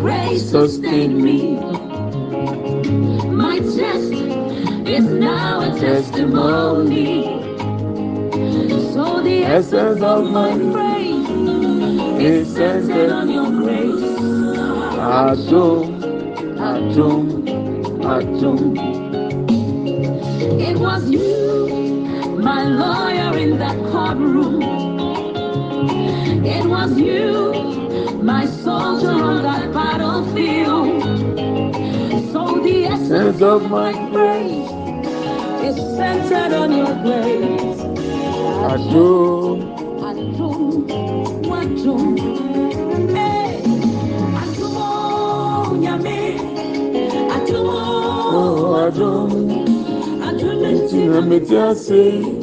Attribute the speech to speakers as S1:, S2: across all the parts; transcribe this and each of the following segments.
S1: grace sustain me. My test is now a testimony. So the essence of my faith is centered on your grace.
S2: Adum, Adum, Adum.
S1: It was you, my lawyer in that courtroom. It was you, my soldier The essence of my grace is centered on your grace. Adum, adum, adum. Hey, adumo nyame, adumo, oh adum, adum nti na meti ase.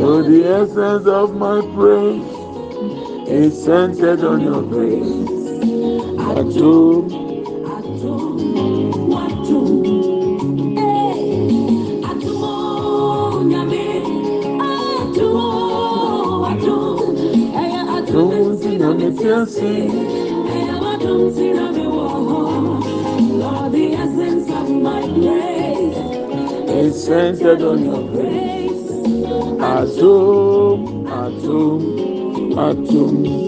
S2: So the essence of my praise is centered on your grace. Adum.
S1: fiancé. Lord, the essence of my praise is centered on your grace. Atum, atum, atum.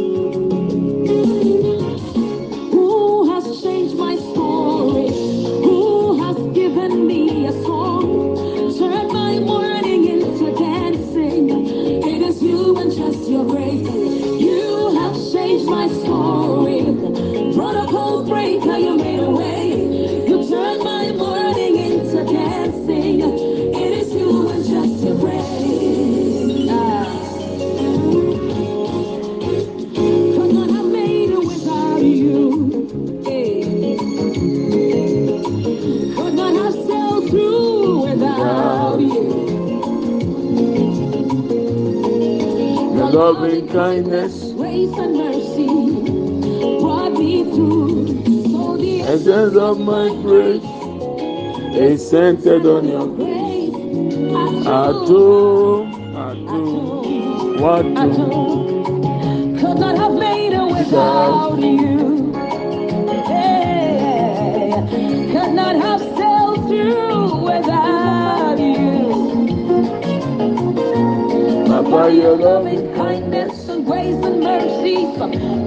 S1: loving kindness, grace and mercy brought me through. So the essence of my
S2: grace is centered on your
S1: grace. I do, I do, what do? Could not have made it without you. by your loving kindness and grace and mercy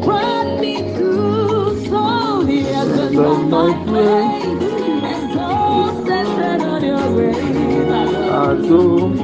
S1: grant me to slowly as on my way. And so set on your way. I do.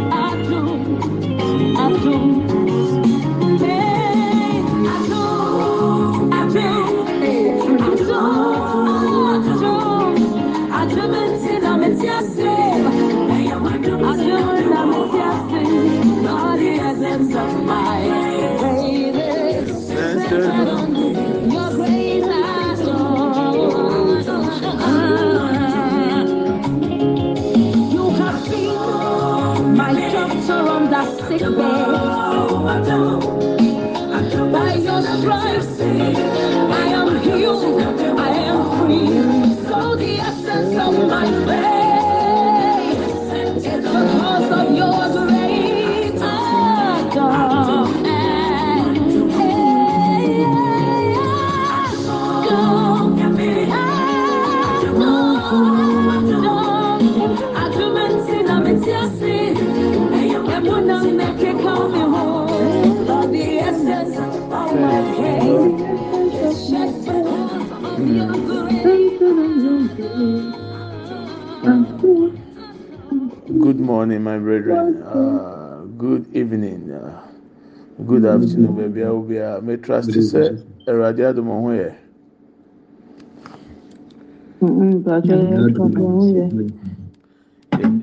S2: afternoon baabi a obi a me trust sɛ awurade adum ho yɛ.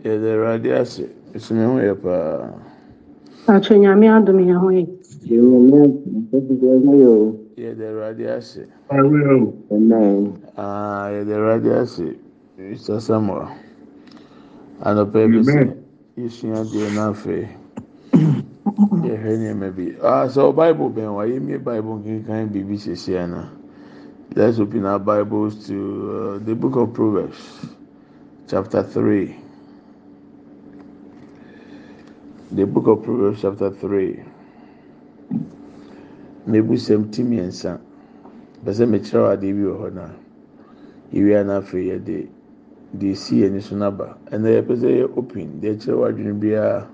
S2: yɛde awurade ase esumi ho yɛ paa.
S3: atwe nyame adum yɛ ho yɛ.
S2: yɛde awurade ase. yɛde awurade ase mr samuel anɔpɛ bi sɛ yɛsua deɛ n'afɛ. yɛh nma bisɛ ah, ɔbible bɛn wɔa yɛmmie bible nkekkan biribi hyesiano lets pen o bibletprvbcathe uh, book of proverb chapter 3 mɛbu sɛm timi yɛnsa pɛ sɛ mekyerɛwoadeɛ bi wɔ hɔ noa wiea no afei yɛ de deɛ ɛsiɛni so no ba ɛnɛ yɛpɛ sɛ yɛ open deɛkyerɛ wadwene biaa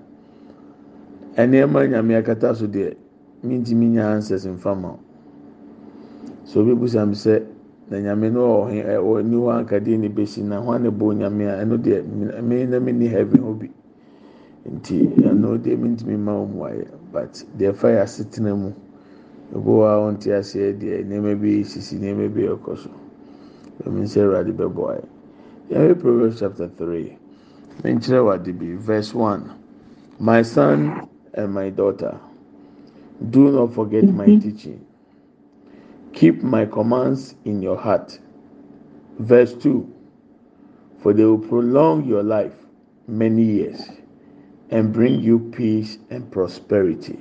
S2: ɛnoɔma nyame kata so deɛ mentimi nya ansɛs mfa maw bɛsame sɛaaaɛ ɛnaɛaeɛ and my daughter. Do not forget my mm-hmm. teaching. Keep my commands in your heart. Verse 2 For they will prolong your life many years and bring you peace and prosperity.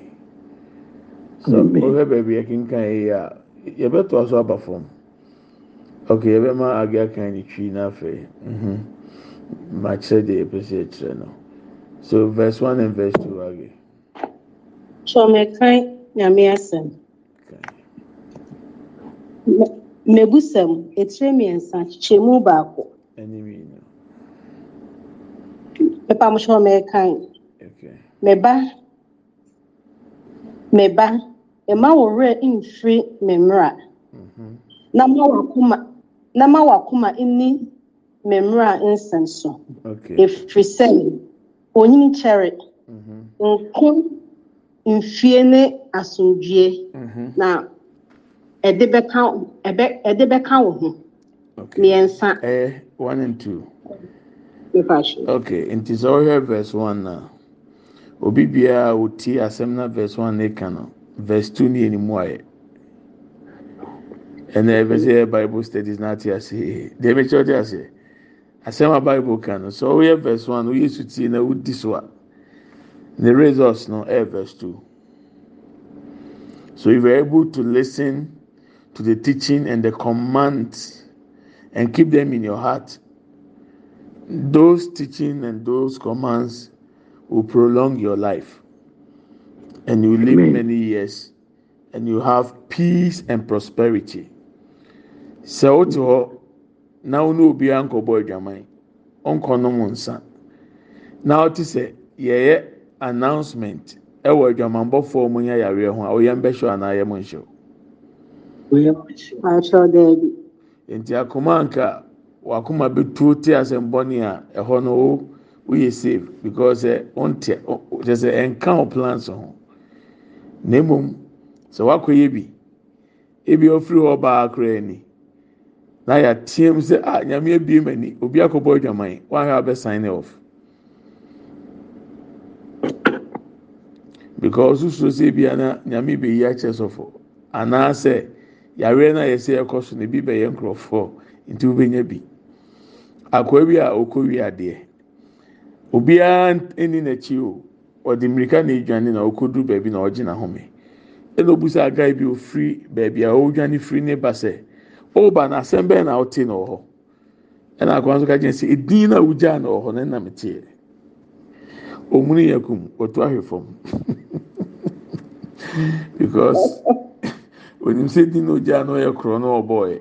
S2: So, okay, oh, baby, I can kind you better also about form. Okay, you better I get kind of tree now. Eh? Mm-hmm. My said the episode, so verse 1 and verse 2 again.
S3: Chọmekan nyame mebusem, Mebusam etire mmiɛnsa bako. baako. Mepam chọmekan. Meba meba ema wo werɛ mfiri me mmara. nama mm-hmm. ma wakoma na ma wakoma nni me mmara nsɛm so. Efiri sɛ onyini kyɛre. Mm-hmm. Nko mfie ne asomdwie mm-hmm. na ɛde bɛka ɛbɛ ɛde bɛka wo ho mmiɛnsa. ɛɛ eh,
S2: one and two. okay nti sɛ ɔhwɛ verse one na obi biara oti asɛm na verse one na eka no verse two ne enimu ayɛ ɛnna ɛbɛ sɛ bible studies na ate ase deɛ ɛbɛ ɔte ase asɛm a bible ka no sɛ ɔyɛ verse one na oyesu tie na odi so a. the results no air verse 2 so if you're able to listen to the teaching and the commands and keep them in your heart those teaching and those commands will prolong your life and you live Amen. many years and you have peace and prosperity now wote hɔ na wo ne obiara nkɔbɔ adwaman ɔnkɔnom Now to say, yeah, yeah. announcement ɛwɔ adwamanbɔfoɔ mu nyɛ yareɛ ho a oyɛn bɛhyɛ anaa yɛn mo nhyɛ o. nti akoma nka wakoma betuo te asɛmbɔni a ɛhɔ no o woyɛ safe because ɛ ɔntɛ ɔtɛ sɛ ɛnka o plans ho na emom sɛ wakɔ yɛ bi ebi hɔ baa koraa na yɛ sɛ a nyame ebie obi akɔbɔ adwaman abɛ sign off. because susuro sɛ ebi ana nyame bɛyi akyɛ sɔfo anaasɛ yareɛ no a yɛsɛ yɛkɔ so no ebi bɛyɛ nkurɔfoɔ nti bi bi a ɔkɔwie adeɛ obiara ɛni o mmirika na edwane na ɔkɔduru baabi na ɔgye n'ahome bi ofiri baabi a ɔredwane firi ne ba na asɛm na ɔte na ɔwɔ hɔ ɛna nso ka kyerɛ sɛ na na omuni yɛ kum otu ahwɛ fam because onim sɛ di oh na na ɔyɛ korɔ na ɔbɔɔyɛ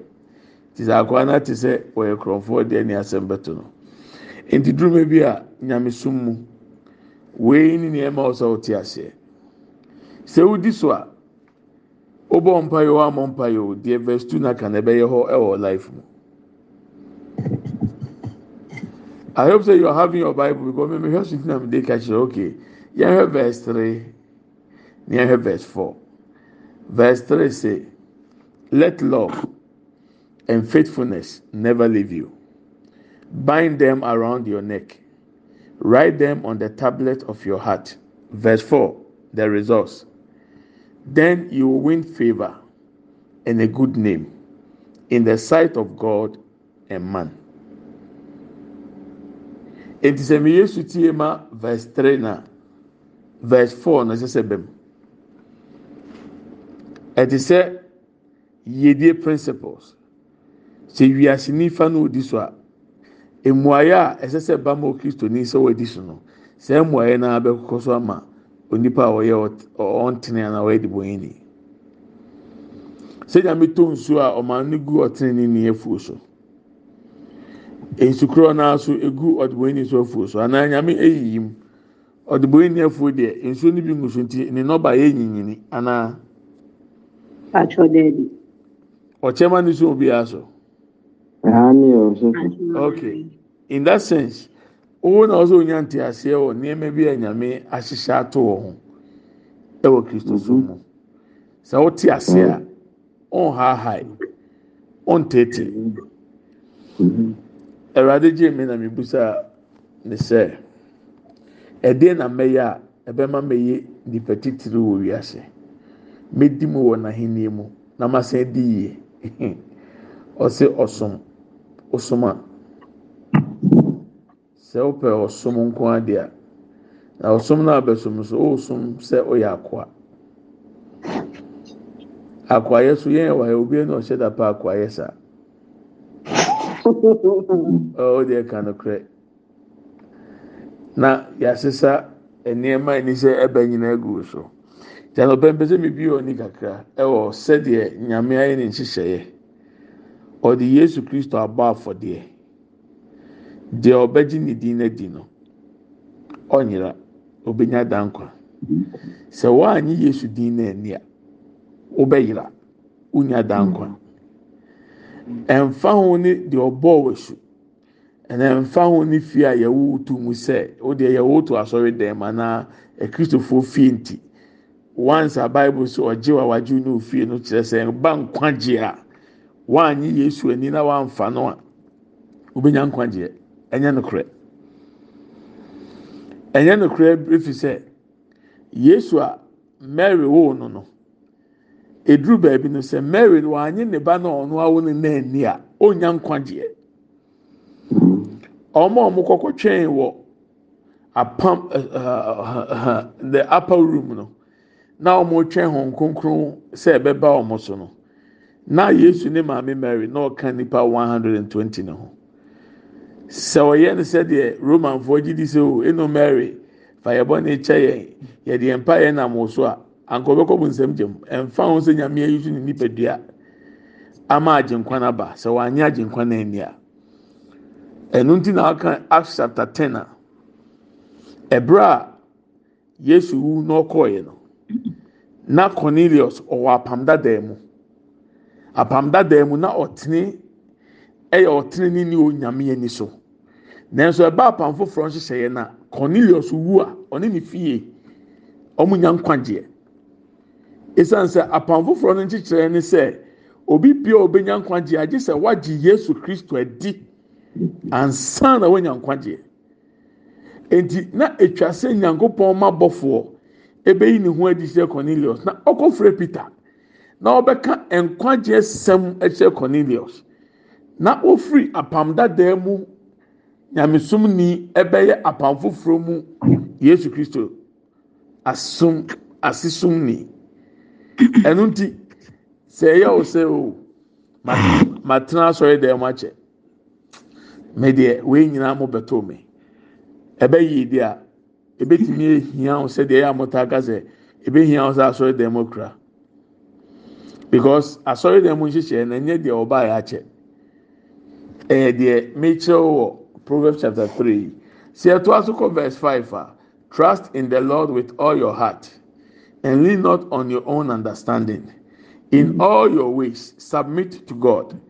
S2: ti sɛ akwa oh na te sɛ ɔyɛ korɔfoɔ deɛ ne asɛm bɛto no nti duruma bi a sum mu wei ne nneɛma ɔsɛ ɔte aseɛ sɛ wodi so a wobɔ mpaeɛ wɔ amɔ mpaeɛ o deɛ verse two na ka na ɛbɛyɛ hɔ ɛwɔ life mu. I hope that you are having your Bible because maybe here's something I'm they catch Okay, yeah, have verse three, yeah, have verse four. Verse three say, "Let love and faithfulness never leave you. Bind them around your neck. Write them on the tablet of your heart." Verse four, the results. Then you will win favor and a good name in the sight of God and man. eti sɛ mi yesu tie ma verse three na verse four na ɛsɛ sɛ bɛm ɛti sɛ yiedie principles sɛ wiase nifa na odi so a mmuayɛ a ɛsɛ sɛ bama o kristoni sɛ wɔadi so no sɛ mmuayɛ na bɛkokɔ so ama onipa a ɔyɛ ɔntene na ɔyɛ de bɔnyini sɛ nyame tɔ nsuo a ɔman no gu ɔtene ne ne afuo so. nsukorɔ naa so egu ɔdebɔnni so afuo so anaa nyame eyiyim ɔdebɔnni afuo deɛ nsuo no bi ngu so nti ne nɔba yɛ nyinyini anaa.
S3: atwere dɛɛbi.
S2: ɔkyɛma ne so obiara so. ɛhani o so. okay in that sense owó na ɔsɛ onya nte aseɛ wɔ nneɛma bi a nyame ahyehyɛ ato wɔ ho ɛwɔ kristo so mu mhm. sɛ wote aseɛ a mhm. ɔnhaahaa ɔnteetee. Mhm. awurade gye mi na mi busa ne sɛ ɛdeɛ na mɛyɛ a ɛbɛma mɛyɛ nipa titiri wɔ wiase mɛdi mu wɔ n'ahenni mu na ma sɛn di yie ɔsɛ ɔsom ɔsom a sɛ ɔpɛ ɔsom nko adeɛ na ɔsom na abɛsom nso ɔsom sɛ ɔyɛ akoa akoayɛ so yɛn wɔ ha obiara na ɔhyɛ dapa akoayɛ saa.
S1: ɔde
S2: oh, ɛka e e e no korɛ na yɛasesa nneɛma ani sɛ ɛbɛ nyinaa gu so gyana ɔbɛn pɛ sɛ biribi wɔ ni kakra ɛwɔ sɛdeɛ nyame ayɛ ne nhyehyɛeɛ ɔde yesu kristo abɔ afɔdeɛ deɛ ɔbɛgye ne din no di no ɔnyera ɔbɛnya dankwa sɛ wɔanyi yesu din na ani a wobɛyera wonya dankwa. Mm -hmm. ɛmfa ho ne deɛ ɔbɔɔ wɔsu ɛna ɛmfa ho ne fie a yɛwɔ tu mu sɛ o deɛ yɛwɔ tu asɔre dɛm anaa akristofoɔ fie nti once a bible sɛ ɔgye wa wagye ne ofie no kyerɛ sɛ ba nkwagye a wanyi yesu ani na wamfa no a obɛnya nkwagyeɛ ɛnyɛ no korɛ ɛnyɛ no korɛ efi sɛ yesu a mary woo no no. eduru beebi no sɛ mary no wanye ne ba na ɔno awo ne nan ni a onya nkwagyeɛ mm-hmm. ɔmo a ɔmo kɔkɔ twɛn wɔ apam eh, eh, eh, the upper room no na ɔmo twɛn wɔn kronkron sɛ ɛbɛba ɔmo so no na yesu ne maame mary na ɔka nipa one hundred and twenty ne ho sɛ ɔyɛ no sɛdeɛ romanfoɔ gyi di sɛ o oh, eno mary fa yɛbɔ ne kyɛ yɛn yɛde mpa yɛn nam wɔ so a. anka ọbɛkɔ bu nsɛm gyem ɛnfa ho sɛ nyame ayi so ne nipadua ama agye nkwan aba sɛ wanyɛ agye nkwan ani a ɛno nti na aka acts chapter ten a ɛbrɛ a yesu wu na ɔkɔɔeɛ no na cornelius ɔwɔ apam dadaa mu apam dadaa mu na ɔtene ɛyɛ ɔtene ne ne onyame ani so nanso ɛba apam foforɔ nhyehyɛeɛ na cornelius wu a ɔne ne fie ɔmo nya nkwagyeɛ ɛsiane sɛ apam foforɔ no nkyekyerɛ ne sɛ obi bia a ɔbɛnya nkwagyeɛ agye sɛ wagye yesu kristo adi ansa na wanya nkwagyeɛ nti na atwa sɛ nyankopɔn ma bɔfoɔ ɛbɛyi ne ho adi kyerɛ cornelius na ɔkɔfrɛ peter na ɔbɛka nkwagyeɛ sɛm kyerɛ cornelius na ofiri apam dadaa mu nyamesom ni ɛbɛyɛ apam foforɔ mu yesu kristo asom asesomni ɛnu nti sɛ ɛyɛ o sɛ o ma tena asɔre dɛm akyɛ mɛ deɛ wei nyinaa mo bɛtɔ mi ɛbɛ yie deɛ a ebetumi ehia ho sɛ deɛ ɛyɛ e amota aka sɛ ebe hia ho sɛ asɔre dɛm okura because asɔre dɛm nhyehyɛ na nye deɛ ɔbaa yɛ akyɛ ɛyɛ deɛ mekyerɛw wɔ proverbs chapter three sɛ ɛto aso kɔ verse five a trust in the lord with all your heart. and lean not on your own understanding. In mm-hmm. all your ways, submit to God,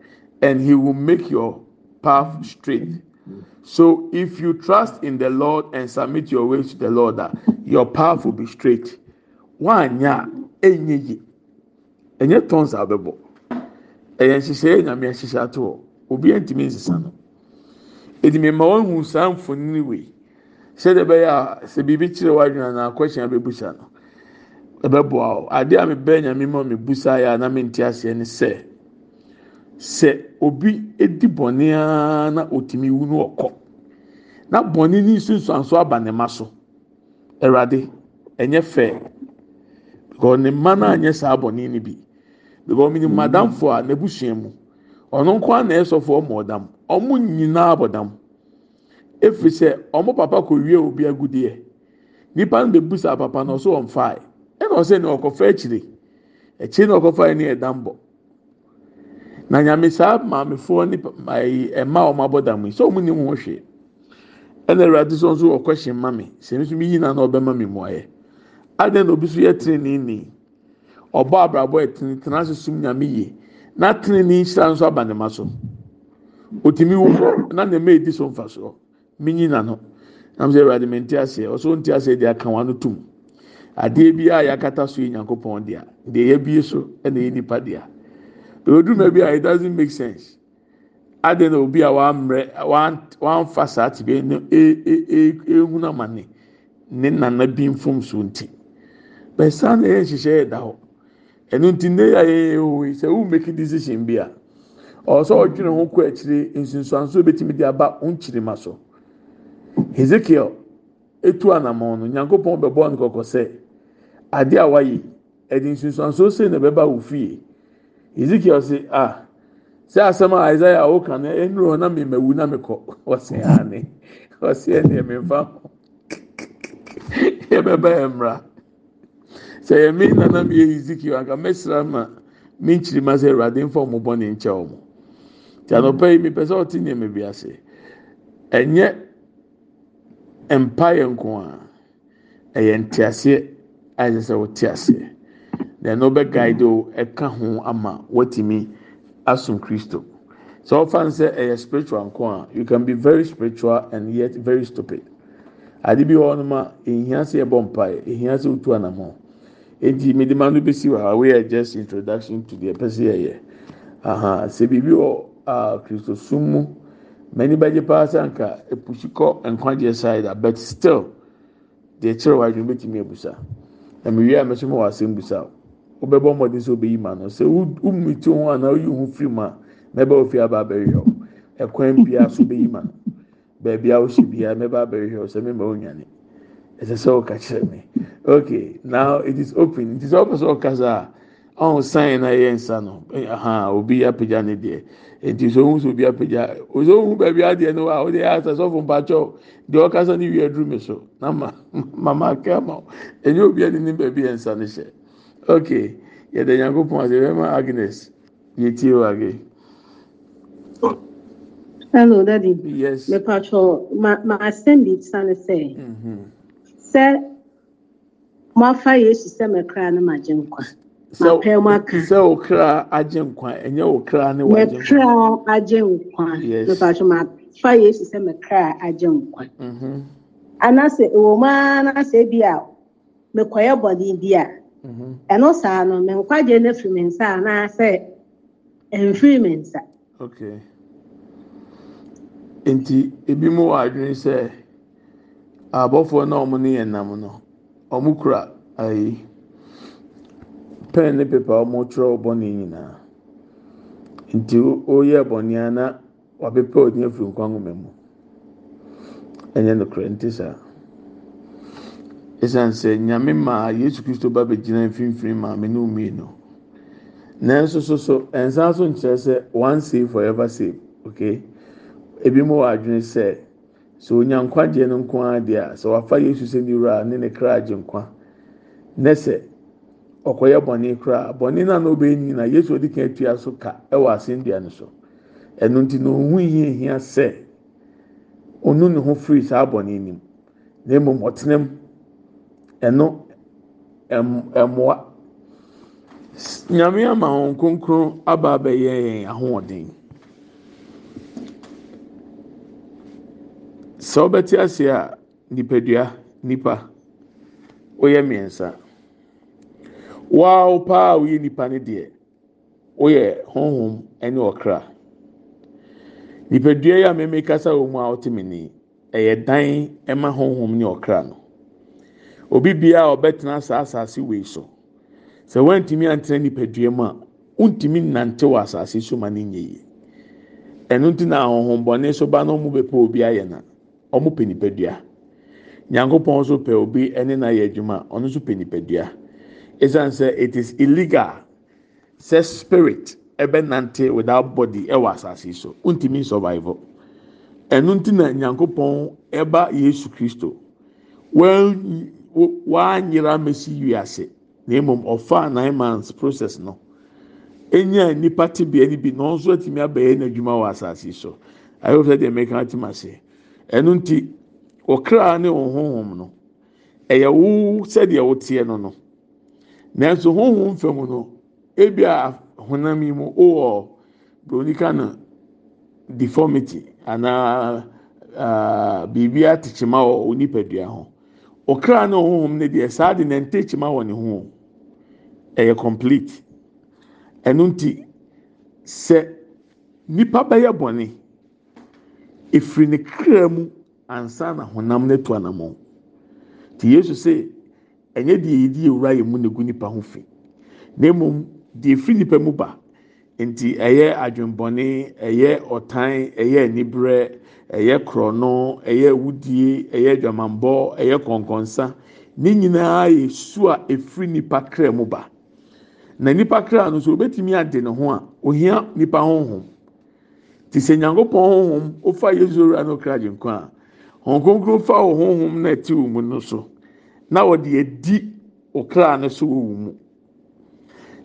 S2: and He will make your path straight. So, if you trust in the Lord and submit your ways to the Lord, uh, your path will be straight. Wanya enye yi, enye tons abebo. Eya nhyehyɛ enyame she ato "I'm ntumi nsesa no. Edimi ma wɔn hu saa mfonini wei, sɛ de bɛyɛ a sɛ biribi kyerɛ wadwina na akɔhyɛn abɛbusa no. ɛbɛboa o ade a mebɛn nyame mu a mebusa yɛ a na mente aseɛ ne sɛ sɛ obi di bɔne ara na otumi wu no ɔkɔ na bɔne ne nsunsuanso aba ne ma so ɛwurade ɛnyɛ fɛ because ne mma no anyɛ saa bɔne no bi because ɔmo ne madamfo a n'abusua mu ɔno nko ara na ɛsɔfo ɔmo ɔdam ɔmo nyinaa bɔdam efiri sɛ ɔmo papa kɔ wie obi agudeɛ nipa no bɛ busa papa na ɔso wɔn faa. na ɔsɛ na ọkọfọ akyire akyire na ɔkɔfa ne yɛ dambɔ na nyame saa maamefoɔ ne ayi ɛma ɔmo abɔ dam yi sɛ hwee ɛna awurade nso wɔ kɔhyɛn ma mi sɛ nso mi yi na na ɔbɛma mi mu ayɛ adan na obi nso yɛ ɔbɔ abrabɔ nyame yie na nso aba ne ma so na ne mma edi so soɔ mi yi na na mo sɛ awurade mi nti aseɛ nti aseɛ aka wɔn ano tum. adeɛ bi a yɛakata so yi nyankopɔn dea deɛ bie so na yɛ nipa dea ɛwɔduruma bi a it doesn't make sense Ade na obi a wammerɛ wamfa saa tibia no e, e, e, ehun ama ne ne nana bi mfom so nti bɛsa na yɛ nhyehyɛ yɛ da hɔ ɛnu nti ne yɛ ayɛ yɛ yi sɛ wɔn make decision bi a ɔsɔ ɔtwi ɔdwene ho kɔ akyire nsonsanso betumi de aba nkyirima so Ezekiel. etu anamọ no nyankopɔn bɛbɔ no kɔkɔ sɛ ade a wayɛ ɛde nsunsuanso se na bɛba wò fie ezekiel sɛ a sɛ asɛm a isaiah ɔka no ɛnuro na mi mɛwu na mi kɔ ɔsɛ ane ɔsɛ ɛne ɛmɛ nfa ho yɛbɛba yɛ mmra sɛ yɛ mi nana mi yɛ ezekiel anka mɛsira ma mi nkyiri ma sɛ ɛwurade nfa ɔmo bɔ ne nkyɛn ɔmo tí anɔpɛ yi mi pɛ sɛ ɔte nneɛma bi ase ɛnyɛ mpaeɛ nko a ɛyɛ nteaseɛ a ɛsɛ sɛ wɔte aseɛ na ɛno bɛ guide o ɛka ho ama wɔtumi asom kristo So ɔfa no sɛ ɛyɛ spiritual nko a you can be very spiritual and yet very stupid ade bi wɔ hɔnom a ehia sɛ ɛbɔ mpaeɛ ehia sɛ otu anamɔ eti medema no besi wɔ ha wey yɛ just introduction to deɛ pɛ sɛ yɛyɛ aha sɛ biribi wɔ a ah, kristo sum mu m'ani bɛgye paa sɛ anka epusi kɔ nkwagyeɛ side a but still deɛ kyerɛ wa adwuma bɛtumi abusa na mɛ wia mɛso ma wɔ asɛm busa o wobɛbɔ mmɔden sɛ obɛyi ma no sɛ wumi ti ho anaa oyi ho firi mu a mɛbɛ ofi aba abɛhwɛ o ɛkwan bia so bɛyi ma no beebi a osi bia mɛbɛ abɛhwɛ o sɛ mɛmɛ onyane ɛsɛ sɛ ɔka kyerɛ mi okay now it is open it is open. sɛ ɔkasa a ɔn san na ɛyɛ nsa no ɛhan eh, obi apagya ne deɛ eti so ohun so obi apagya so ohun baabi adeɛ no wa ɔde asa sɔfo mpatsɔ deɛ ɔkasa ne wia duru mi so na ma mama aka ama enye obi ɛni ne baabi yɛ nsa ne hyɛ ok yɛde nyanko pɔn ase bɛma agnes ne tie o age.
S3: hello daddy. yes mepatsɔ ma ma asɛm bi san sɛ. Mhm. sɛ mo afa yesu sɛ mɛ ne ma gye nkwa.
S2: sɛ wo okra agye nkwa ɛnyɛ wo kra ne wmɛkra
S3: agye nkwa mepaso mafa yesu sɛ mekra agye nkwa mhm. anaasɛ ɛwɔ mu a bi a mekɔyɛ bɔne bi a mhm. ɛno saa no menkwagye ne firi me nsa anaasɛ ɛmfiri me nsa
S2: nti ebi mu wɔ adwene sɛ abɔfoɔ na ɔmo ne yɛ nam no ɔmo kura ayi pɛn ne pepa a wɔretwerɛ bɔne nyinaa nti wɔreyɛ bɔne a na wɔabepɛ ɔnyɛ firi nkwa nwoma mu ɛnyɛ nokorɛ nti saa ɛsiane sɛ nyame maa yesu kristo ba bɛgyina mfimfini maame ne mmienu nanso so so nsan so nkyerɛ sɛ one save forever save okay ebi mo wɔ adwene sɛ sɛ onya nkwagyeɛ no nko ara deɛ a sɛ wafa yesu sɛ ne wura ne ne kra agye nkwa ne sɛ ɔkɔyɛ bɔnne koraa bɔnne naa na ɔbɛnyi na yesu odi kan etua so ka ɛwɔ asɛnnua no so ɛno nti na ohun yie hia sɛ onu ne ho firi saa bɔnne nim na emom ɔtena mu ɛno ɛm ɛmoa nyame ama wɔn kronkron aba abɛyɛ yɛn ahoɔden sɛ ɔbɛte ase a nipadua nipa ɔyɛ mmiɛnsa. waaw paa woyɛ nipa ne deɛ woyɛ honhom ne ɔkra nipadua yi a mɛmɛ kasa wɔ mu a ɔte mi ni ɛyɛ dan ɛma honhom ne ɔkra no obi bia a ɔbɛtena saa asase wei so sɛ wɔntumi antena nipadua mu a wɔntumi nante wɔ asase so ma ne nye yie ɛno ti na ahohombɔne so ba na wɔn bɛpɛ obi ayɛ na wɔn pɛ nipadua nyankopɔn nso pɛ obi ɛne na yɛ adwuma ɔno nso pɛ nipadua. esan sɛ it is illegal sɛ spirit ɛbɛ nante without body ɛwɔ asase so ntumi survive ɛnu ti na nyankopɔn ɛba yesu kristo wɔn wɔanyera mesi wiase na emom ɔfa nine months process no enya nipa tibia ni bi na ɔnso atumi abɛyɛ n'adwuma wɔ asase so ayɔ fɛ deɛ mɛka atim ase ɛnu ti ɔkra ne ɔhohom no ɛyɛ wo sɛdeɛ woteɛ no no nanso honhom fam no ebi a honam yi mu wɔ broni ka na deformity anaa uh, biribi atekyema wɔ onipadua ho ɔkra na honhom no deɛ saa de na ntekyema wɔ ne ho ɛyɛ complete ɛno nti sɛ nipa bɛyɛ bɔne efiri ne kra mu ansa na honam no to anamɔ te yesu sɛ ɛnyɛ deɛ yɛdi ewura yɛ mu na egu nipa ho fi na mmom deɛ firi nipa mu ba nti ɛyɛ adwembɔne ɛyɛ ɔtan ɛyɛ anibrɛ ɛyɛ korɔno ɛyɛ awudie ɛyɛ dwamambɔ ɛyɛ kɔnkɔnsa ne nyinaa yɛ su a efiri nipa kra mu ba na nipa kra no so obetumi ade ne ho a ohia nipa honhom te sɛ nyankopɔn honhom ofa yesu owura no kra gye nkwa a wɔn konkro fa wɔn honhom na ɛte wɔn mu no so. na wɔde adi ɔkra no so wɔwɔ mu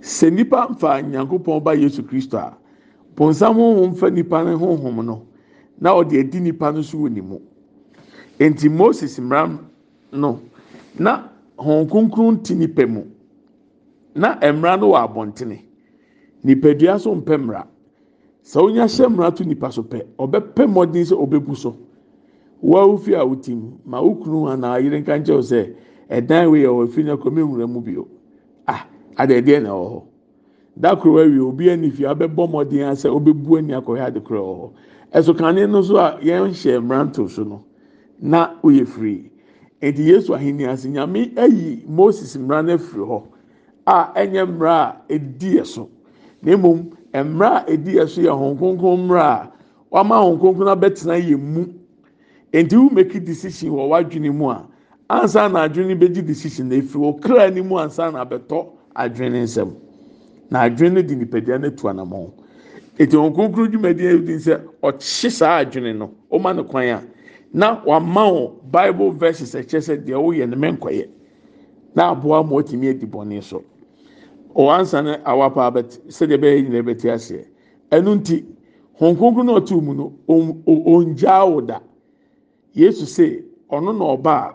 S2: sɛ nipa mfa nyankopɔn ba yesu kristo a bonsam honhom fa nipa no honhom no na ɔde adi nipa no so wɔ ne mu nti moses mmara no na hɔn ti nipa mu na mmara no wɔ abɔntene nipadua so mpɛ mmara sɛ wonya hyɛ mmara to nipa so pɛ ɔbɛpɛ mmɔden sɛ ɔbɛbu so wɔawufi a wotim ma wokunu anaa yere nka nkyɛw sɛ ɛdan wei ɛwɔ fi na kɔmi nwura mu bio ah adeɛdeɛ na ɛwɔ hɔ dakoro awie obi ani fi abɛbɔ mɔden asɛ ɔbɛbu ani akɔhɛ adekoro ɛwɔ hɔ ɛso kane no so a yɛn hyɛ mmeranto so no na oyɛ firi nti yesu ahenni ase nyame ayi moses mmera no afiri hɔ a ɛnyɛ mmera a edi yɛ so na mmom mmera a edi yɛ so yɛ hɔn mmera a wama hɔn kronkron abɛtena yɛ mu nti wo make decision wɔ wadwene mu a. ansa na adwene bɛgye decision na efiri okra ne mu ansa na abɛtɔ adwene nsɛm na adwene di nipadua no Etu anamɔn eti wɔn kunkun dwumadie yi di nsɛ ɔkye saa adwene no ɔma ne kwan a na wama wɔn bible verses ɛkyɛ sɛ deɛ ɔyɛ ne mɛnkɔyɛ na aboa ma ɔtumi adi bɔnne so ɔwansa awa awapa abɛte sɛdeɛ bɛyɛ nyina bɛte aseɛ ɛnu nti wɔn kunkun na ɔte mu no ɔngyaa ɔda yesu sɛ ɔno na ɔbaa.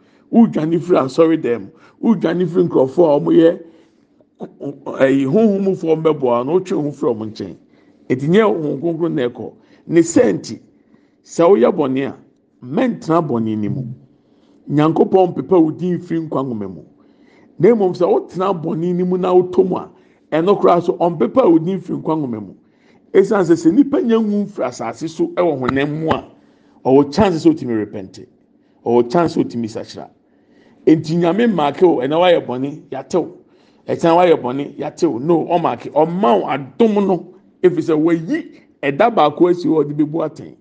S2: wodwane firi asɔre dɛm wodwane firi nkurɔfoɔ a wɔyɛ ɛyi huhum mbɛboa wotwe ho firi wɔn nkyɛn eti nyɛ wɔn na ɛkɔ ne sɛnti sɛ woyɛ bɔnne a mɛntena bɔnne ne mu nyankopɔn pepa mu na mmom sɛ wotena bɔnne mu na wotɔ mu a ɛno so ɔmpepa nfiri mu esan sɛ sɛ nipa nya nwu firi asaase so ɛwɔ nti nyame maake o ɛna wayɛ bɔne yatew ɛkyɛn wayɛ bɔne yatew no ɔmaake ɔma wo adom no efi sɛ wayi ɛda baako esi hɔ ɔde bi bu atɛn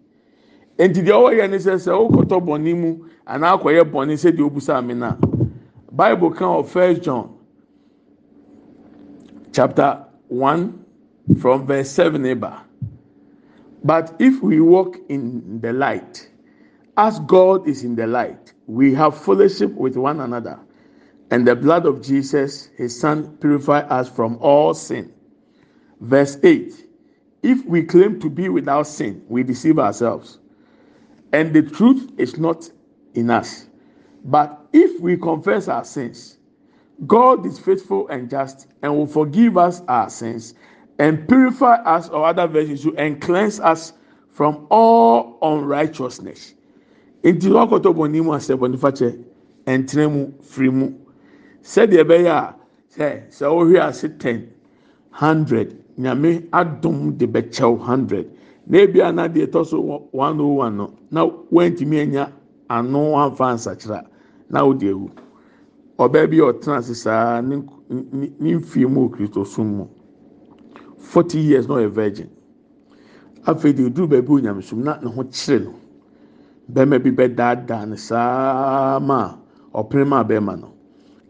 S2: nti deɛ ɔwɔyɛ ne sɛ sɛ ɔkɔtɔ bɔne mu anaa akɔyɛ bɔne sɛ deɛ obusa ame na bible kan wɔ first john chapter one from verse seven eba but if we walk in the light as god is in the light. we have fellowship with one another, and the blood of Jesus, his son, purify us from all sin. Verse 8 If we claim to be without sin, we deceive ourselves, and the truth is not in us. But if we confess our sins, God is faithful and just and will forgive us our sins and purify us, or other versions, and cleanse us from all unrighteousness.
S3: nti ɔkɔtɔ
S2: bɔnni mu asɛ bụ fakyɛ ɛntene mu firi mụ sɛdeɛ ɛbɛyɛ a sɛ sɛ ɔhwɛ ase ten hundred nyame adum de bɛkyɛw hundred na a na deɛ ɛtɔ so one oh one na wɔntumi anya ano anfa nsakyera na ɔde ewu ɔbaa bi a ɔtena ase saa ne ne mfie mu okirito sum mu forty years na ɔyɛ virgin afei de oduru baabi onyamesum na ọ ho kyerɛ no. bɛrima bi bɛdaadaa no saa ma ɔpere ma bɛrima no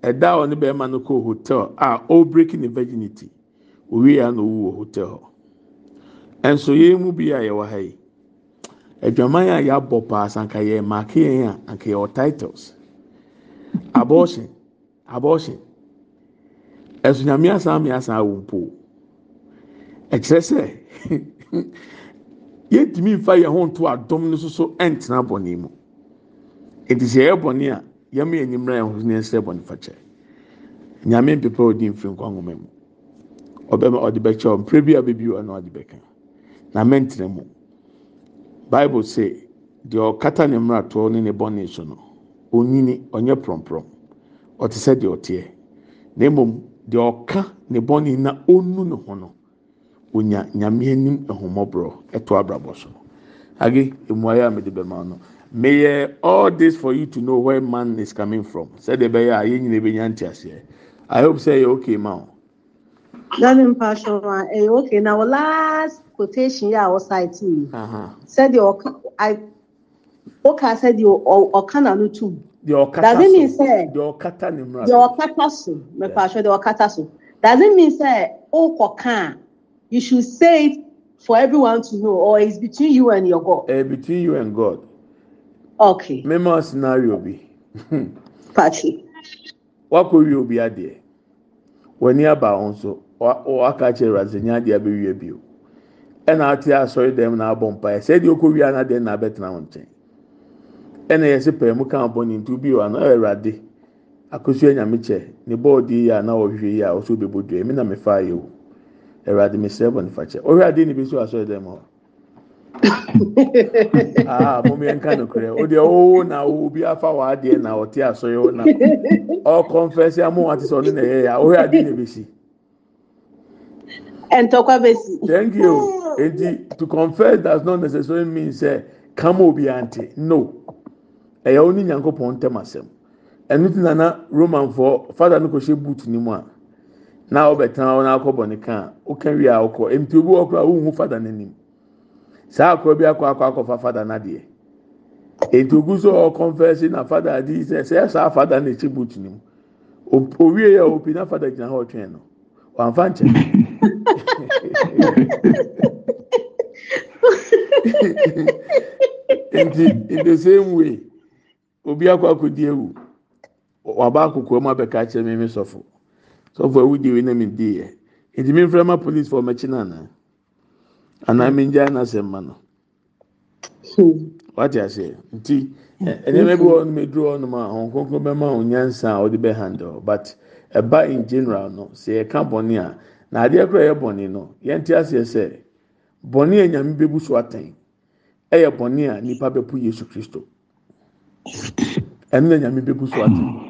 S2: ɛda a ɔne bɛrima no kɔ hotel a ɔrebreak ne virginity owie na owu wɔ hotel hɔ nso yɛn mu bi a yɛwɔ ha yi adwaman a yɛabɔ paa nka yɛ maake yɛn a nka yɛwɔ titles abortion abortion ɛso nyame asan mi asan awo mpo ɛkyerɛ sɛ. yɛntumi nfa yɛn ho nto adɔm no soso ɛntena bɔnne mu nti sɛ yɛyɛ bɔnne a yɛn yɛn nyimra yɛn ho ne nsɛ bɔnne fakyɛ nyame mpepa odi mfiri nkwa nwoma mu ɔbɛma ɔde bɛkyɛ wɔn mpere bi a bɛbi wɔn na ɔde bɛka na mɛntena mu bible sɛ deɛ ɔkata ne mmeratoɔ ne ne bɔnne so no onyini ɔnyɛ prɔmprɔm ɔte sɛ deɛ ɔteɛ na mmom deɛ ɔka ne bɔnne na onu ne ho no onya nyame anim ahomɔborɔ ɛto abrabɔ so age emuayɛ a mede bɛma no meyɛ all this for you to know where man is coming from sɛdeɛ ɛbɛyɛ a yɛn nyinaa bɛnya nteaseɛ i hope sɛ ɛyɛ okay ma o.
S3: lọ́nà mpasọ̀ wa ẹ̀yẹ okay na wọ́n last quotation yà wọ́n ṣáìtì yìí sẹ́díẹ̀ ọ̀ka ọ̀ka sẹ́díẹ̀ ọ̀ka nànú tùm. deɛ ɔkata so deɛ ɔkata ne mura. deɛ ɔkata so mɛpasọ̀ deɛ ɔkata so doesn't mean sɛ ɔkọ̀ kan you should say it for everyone to know or it's between you and your God. Uh, between you and God. okay. mímọ
S2: scenario bi. pàtì. wakọ wi obi adịẹ wani aba ahụ nso waka kyerɛ wadze nye adịẹ abɛwie bio ɛna ate asɔre dɛm na abɔ mpa ɛsɛ deɛ okɔ wi ana dɛm na abɛtena wɔn nkyɛn ɛna yɛsɛ pɛɛ mu kan bɔ ne ntu bi wɔ ana ɛwɛrade e akosua e nyame kyɛ ne bɔɔl di yie a na ɔhwɛ yie a ɔsɔ bɛbɔ dua ɛmi na mɛfa ayɛ o. awurade mesrɛ bɔ nifa kyɛ ɔhwɛ adeɛ ne bi so asɔre dɛm hɔ aa mo mìíràn nka nokorɛ o deɛ ɔwɔ na ɔwɔ bi afa wɔ adeɛ na ɔte asɔre ɔ na ɔkɔnfɛsi amu wa ti sɛ ɔno na ɛyɛ ya ɔhwɛ adeɛ ne bi si. ɛntɔkwa bɛ si. thank you eti to confess does not necessarily mean say kama obi ante no ɛyɛ ɔno nyankopɔn ntɛm asɛm ɛnu ti nana roman fɔ fada no kò se boot ni mu a. na wobɛtena ọ n'akɔ bɔ ne kan woka wie a wokɔ mpi obi wɔ koraa wohu fada n'anim saa akɔrɔ bi akọ akọ fa fada n'adeɛ nti ogu so ɔ kɔnfɛsi na fada adi sɛ sɛ saa fada na ekyi boot ne mu owie yɛ opi na fada gyina hɔ ɔtwɛn no wamfa nkyɛn nti in the same way obi akɔ akɔdi ewu waba akoko mu abɛka akyerɛ mímí sɔfo. sọfọ ewu di wi na mi di yɛ nti mi nframa police fọ ɔmɛkyi nana anaa mi ngya anasɛm ma no wate ase nti nneɛma bi wɔ ɔnom eduru ɔnom a ɔn kɔnkɔ bɛma ɔn nsa a ɔde bɛ handle but ɛba eh, in general sị sɛ yɛka bɔnne a na adeɛ kora yɛ bɔnne no yɛn ti aseɛ sɛ bɔnne a nyame bɛbu so atɛn ɛyɛ bɔnne a nipa bɛpo yesu kristo ɛno na nyame bɛbu so atɛn.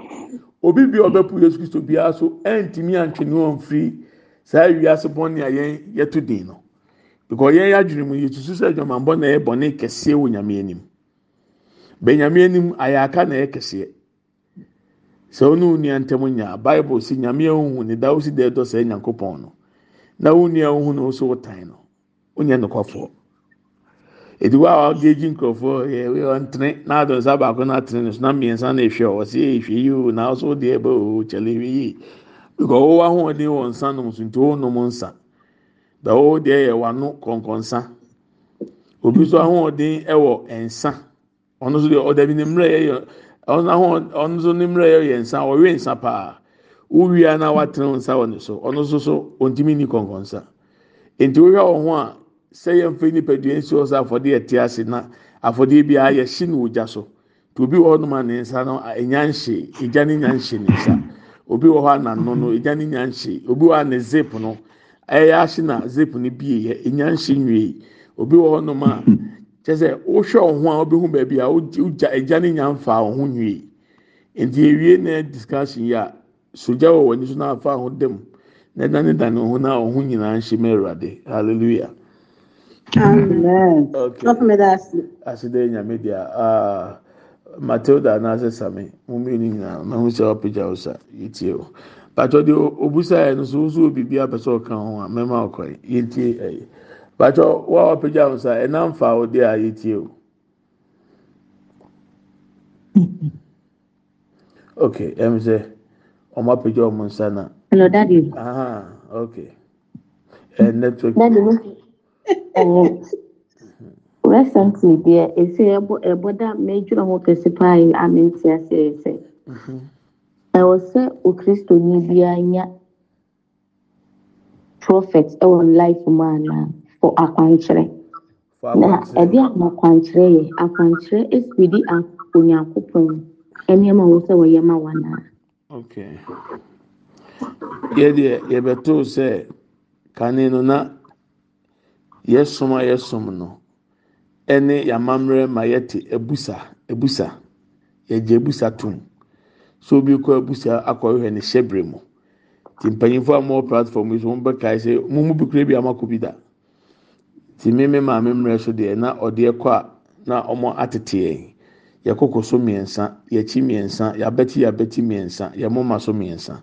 S2: obi bia ɔbɛpu yesu kristo biaa so ntimi antwene ɔfiri saa wiase bɔnea yɛn yɛato din no yɛnadwenemuyɛtususɛ dwamaɔnɛbɔnekɛseɛ ɔ anbɛaenim ayɛaka nayɛkɛseɛs wɔ ne nmyaible s ahun da sddɔsnyankpɔ nnswo ɔ edigbo a ga-eji nkurɔfoɔ ɛwɛ ntene na adọsa baako n'atene no so na mmiɛnsa na ehwɛ ɔsi ehwɛ yi o na ọsọ deɛ ɛbɛ o kyɛlɛ ehwɛ yi bikɔ ɔwɔ ahoɔden wɔ nsa nom so nti ɔnom nsa da ɔwɔ deɛ yɛ wano kɔnkɔnsa obi nso ahoɔden ɛwɔ nsa ɔno nso deɛ ɔdabi ne mmerɛ yɛ ɔno ahoɔ ɔno nso ne mmerɛ yɛ yɛ nsa ɔwe nsa paa owia na watene nsa wɔ ne so ɔno nso so ontimi ni kɔnkɔnsa nti wohwɛ wɔn ho a. sɛ yɛmfa nipadua nsi hɔ sɛ afɔdeɛ ɛte ase na afɔdeɛ bi a yɛhye no so obi wɔ hɔnom a ne nsa no ɛnya obi wɔ hɔ a n'ano no egya obi wɔ hɔ a ne zip na zip no bie yɛ nwie obi wɔ hɔnom a kyɛ sɛ wohwɛ wɔn ho a a egya ne nya na discussion yi a sogya na afa na ɛdanedane na wɔn ho nyinaa mɛ
S3: Amen. Okay.
S2: deɛ a ah, matilda anaasɛ same mo mmienu nyinaa mahu sɛ wapagya wo sa yɛtie o batwɛ deɛ obusaeɛ no so wo so biribi apɛ sɛ ɔka ho a mɛma wokɔe yɛntie ɛyɛ batwɛ wo a wapagya wo sa a yɛtie o okay ɛm sɛ ɔmo apagya ɔmo
S3: hello daddy. Aha, -huh, okay. Eh, network. Daddy, recently deɛ ɛsɛ ɛbɔ ɛbɔda mɛdwira ho kɛse paa yi amente ase yɛ sɛ ɛwɔ sɛ okristoni biara nya prophet ɛwɔ life mu uh, na ɛde ama akwankyerɛ yɛ akwankyerɛ esidi onyankopɔn ɛnneɛma wɔn sɛ wɔyɛ ma wɔn naa.
S2: yɛ deɛ yɛbɛtoo yɛsom a yɛsom no ɛne yamammerɛ ma yɛte ebusa ebusa yɛgye ebusa tom so obi kɔ ebusa akɔhwɛ ne hyɛbrɛ mu ti mpanyinfo a wɔwɔ platform yi so wɔn bɛka sɛ mo mu bi kura bi ama kɔ bi da ti mmemme maame mmerɛ so deɛ na ɔde ɛkɔ a na wɔn atete yɛn yɛkoko so mmiɛnsa yɛkyi mmiɛnsa yɛabɛti yɛabɛti mmiɛnsa yɛmoma so mmiɛnsa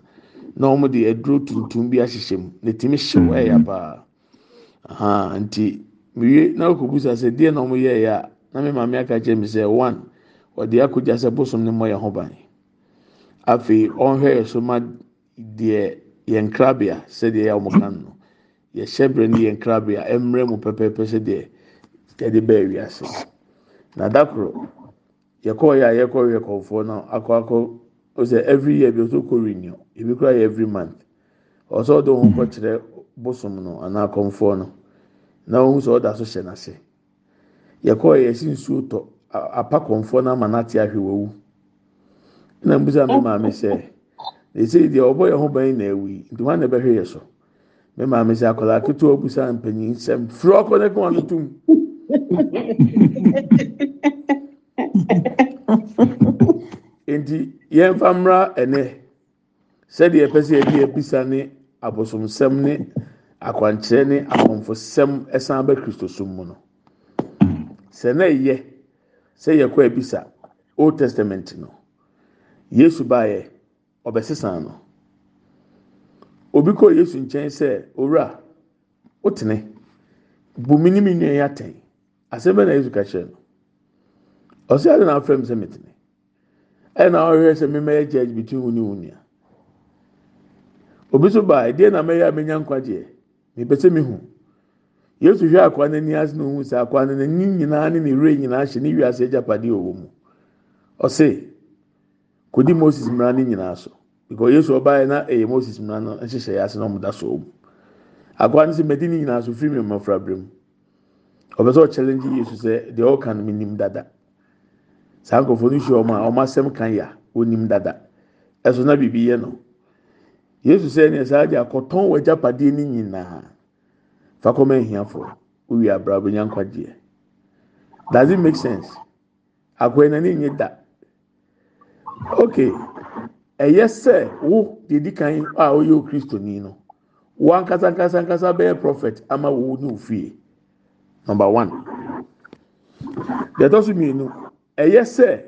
S2: na wɔn de aduro tuntum bi ahyehyɛ mu na ti mi hyew ɛyɛ paa. Ah, nti mewie na ɔkɔbusa asị deɛ na ọmụ ya ya na me maame aka kyerɛ me sị one ɔde akogya sɛ bosom no mmɔ yɛ ho ọ afei ɔnhwɛ ma deɛ yɛn krabea sɛdeɛ yɛ a wɔn kan no yɛhyɛ berɛ ne yɛn krabea mmerɛ sị na dakoro every year bi renew ebi every month bosom no anaa akɔmfoɔ no na ohun sɛ ɔda so hyɛ n'ase yɛkɔɔ yɛ si nsuo tɔ apa kɔmfoɔ no ama n'ate wu ɛna mbusa mi maame sɛ esi deɛ ɔbɔ yɛn ho ban na ntoma na ɛbɛhwɛ yɛ so mi maame sɛ akwadaa ketewa busa mpanyin nsɛm firi ɔkɔ ne ano tum. nti yɛn ɛnɛ sɛdeɛ sɛ yɛde ne. abosomsɛm ne akwankyerɛ ne apɔnfosɛm ɛsan bɛ kristosom mu no sɛ na yɛ sɛ yɛkɔ ebisa old testament no yesu baayɛ ɔbɛsesan no obi kɔ yesu nkyɛn sɛ owura wotene bumi ne mi nua yɛ atɛn asɛm bɛ na yesu ka kyerɛ no ɔsi adi na afɛm sɛ metene ɛna ɔhwɛ sɛ mɛmɛ yɛ judge between wo ne wo nua. obi nso baa ɛdeɛ na mɛyɛ a mɛnya nkwagyeɛ mepɛ sɛ mehu yesu hwɛ akwa n'ani ase na ohun sɛ akwa n'ani nyinaa ne ne nyinaa hyɛ ne wiase mu ɔse kodi moses ne nyinaa so yesu na ɛyɛ moses mmara no yɛ ase na ɔmo da so ɔmo akwa mɛdi ne nyinaa so firi mi mmɔfra ɔbɛ sɛ ɔkyɛlɛnji yesu sɛ deɛ ɔka no nim dada saa nkorɔfoɔ no hyɛ ɔmo a ɔmo asɛm kan ya onim dada ɛso na biribi yesu sɛ ne saa agye akɔtɔn na agyapadeɛ no nyinaa fa kɔma ahiafoɔ wowie abrabɔ nya nkwagyeɛ does it make sense akɔɛ n'ani nye da okay ɛyɛ sɛ wo deɛ di kan a ɔyɛ o kristoni no wɔn ankasa ankasa ankasa bɛyɛ prophet ama wɔn ne ofie number one deɛ ɛtɔ so mmienu ɛyɛ sɛ.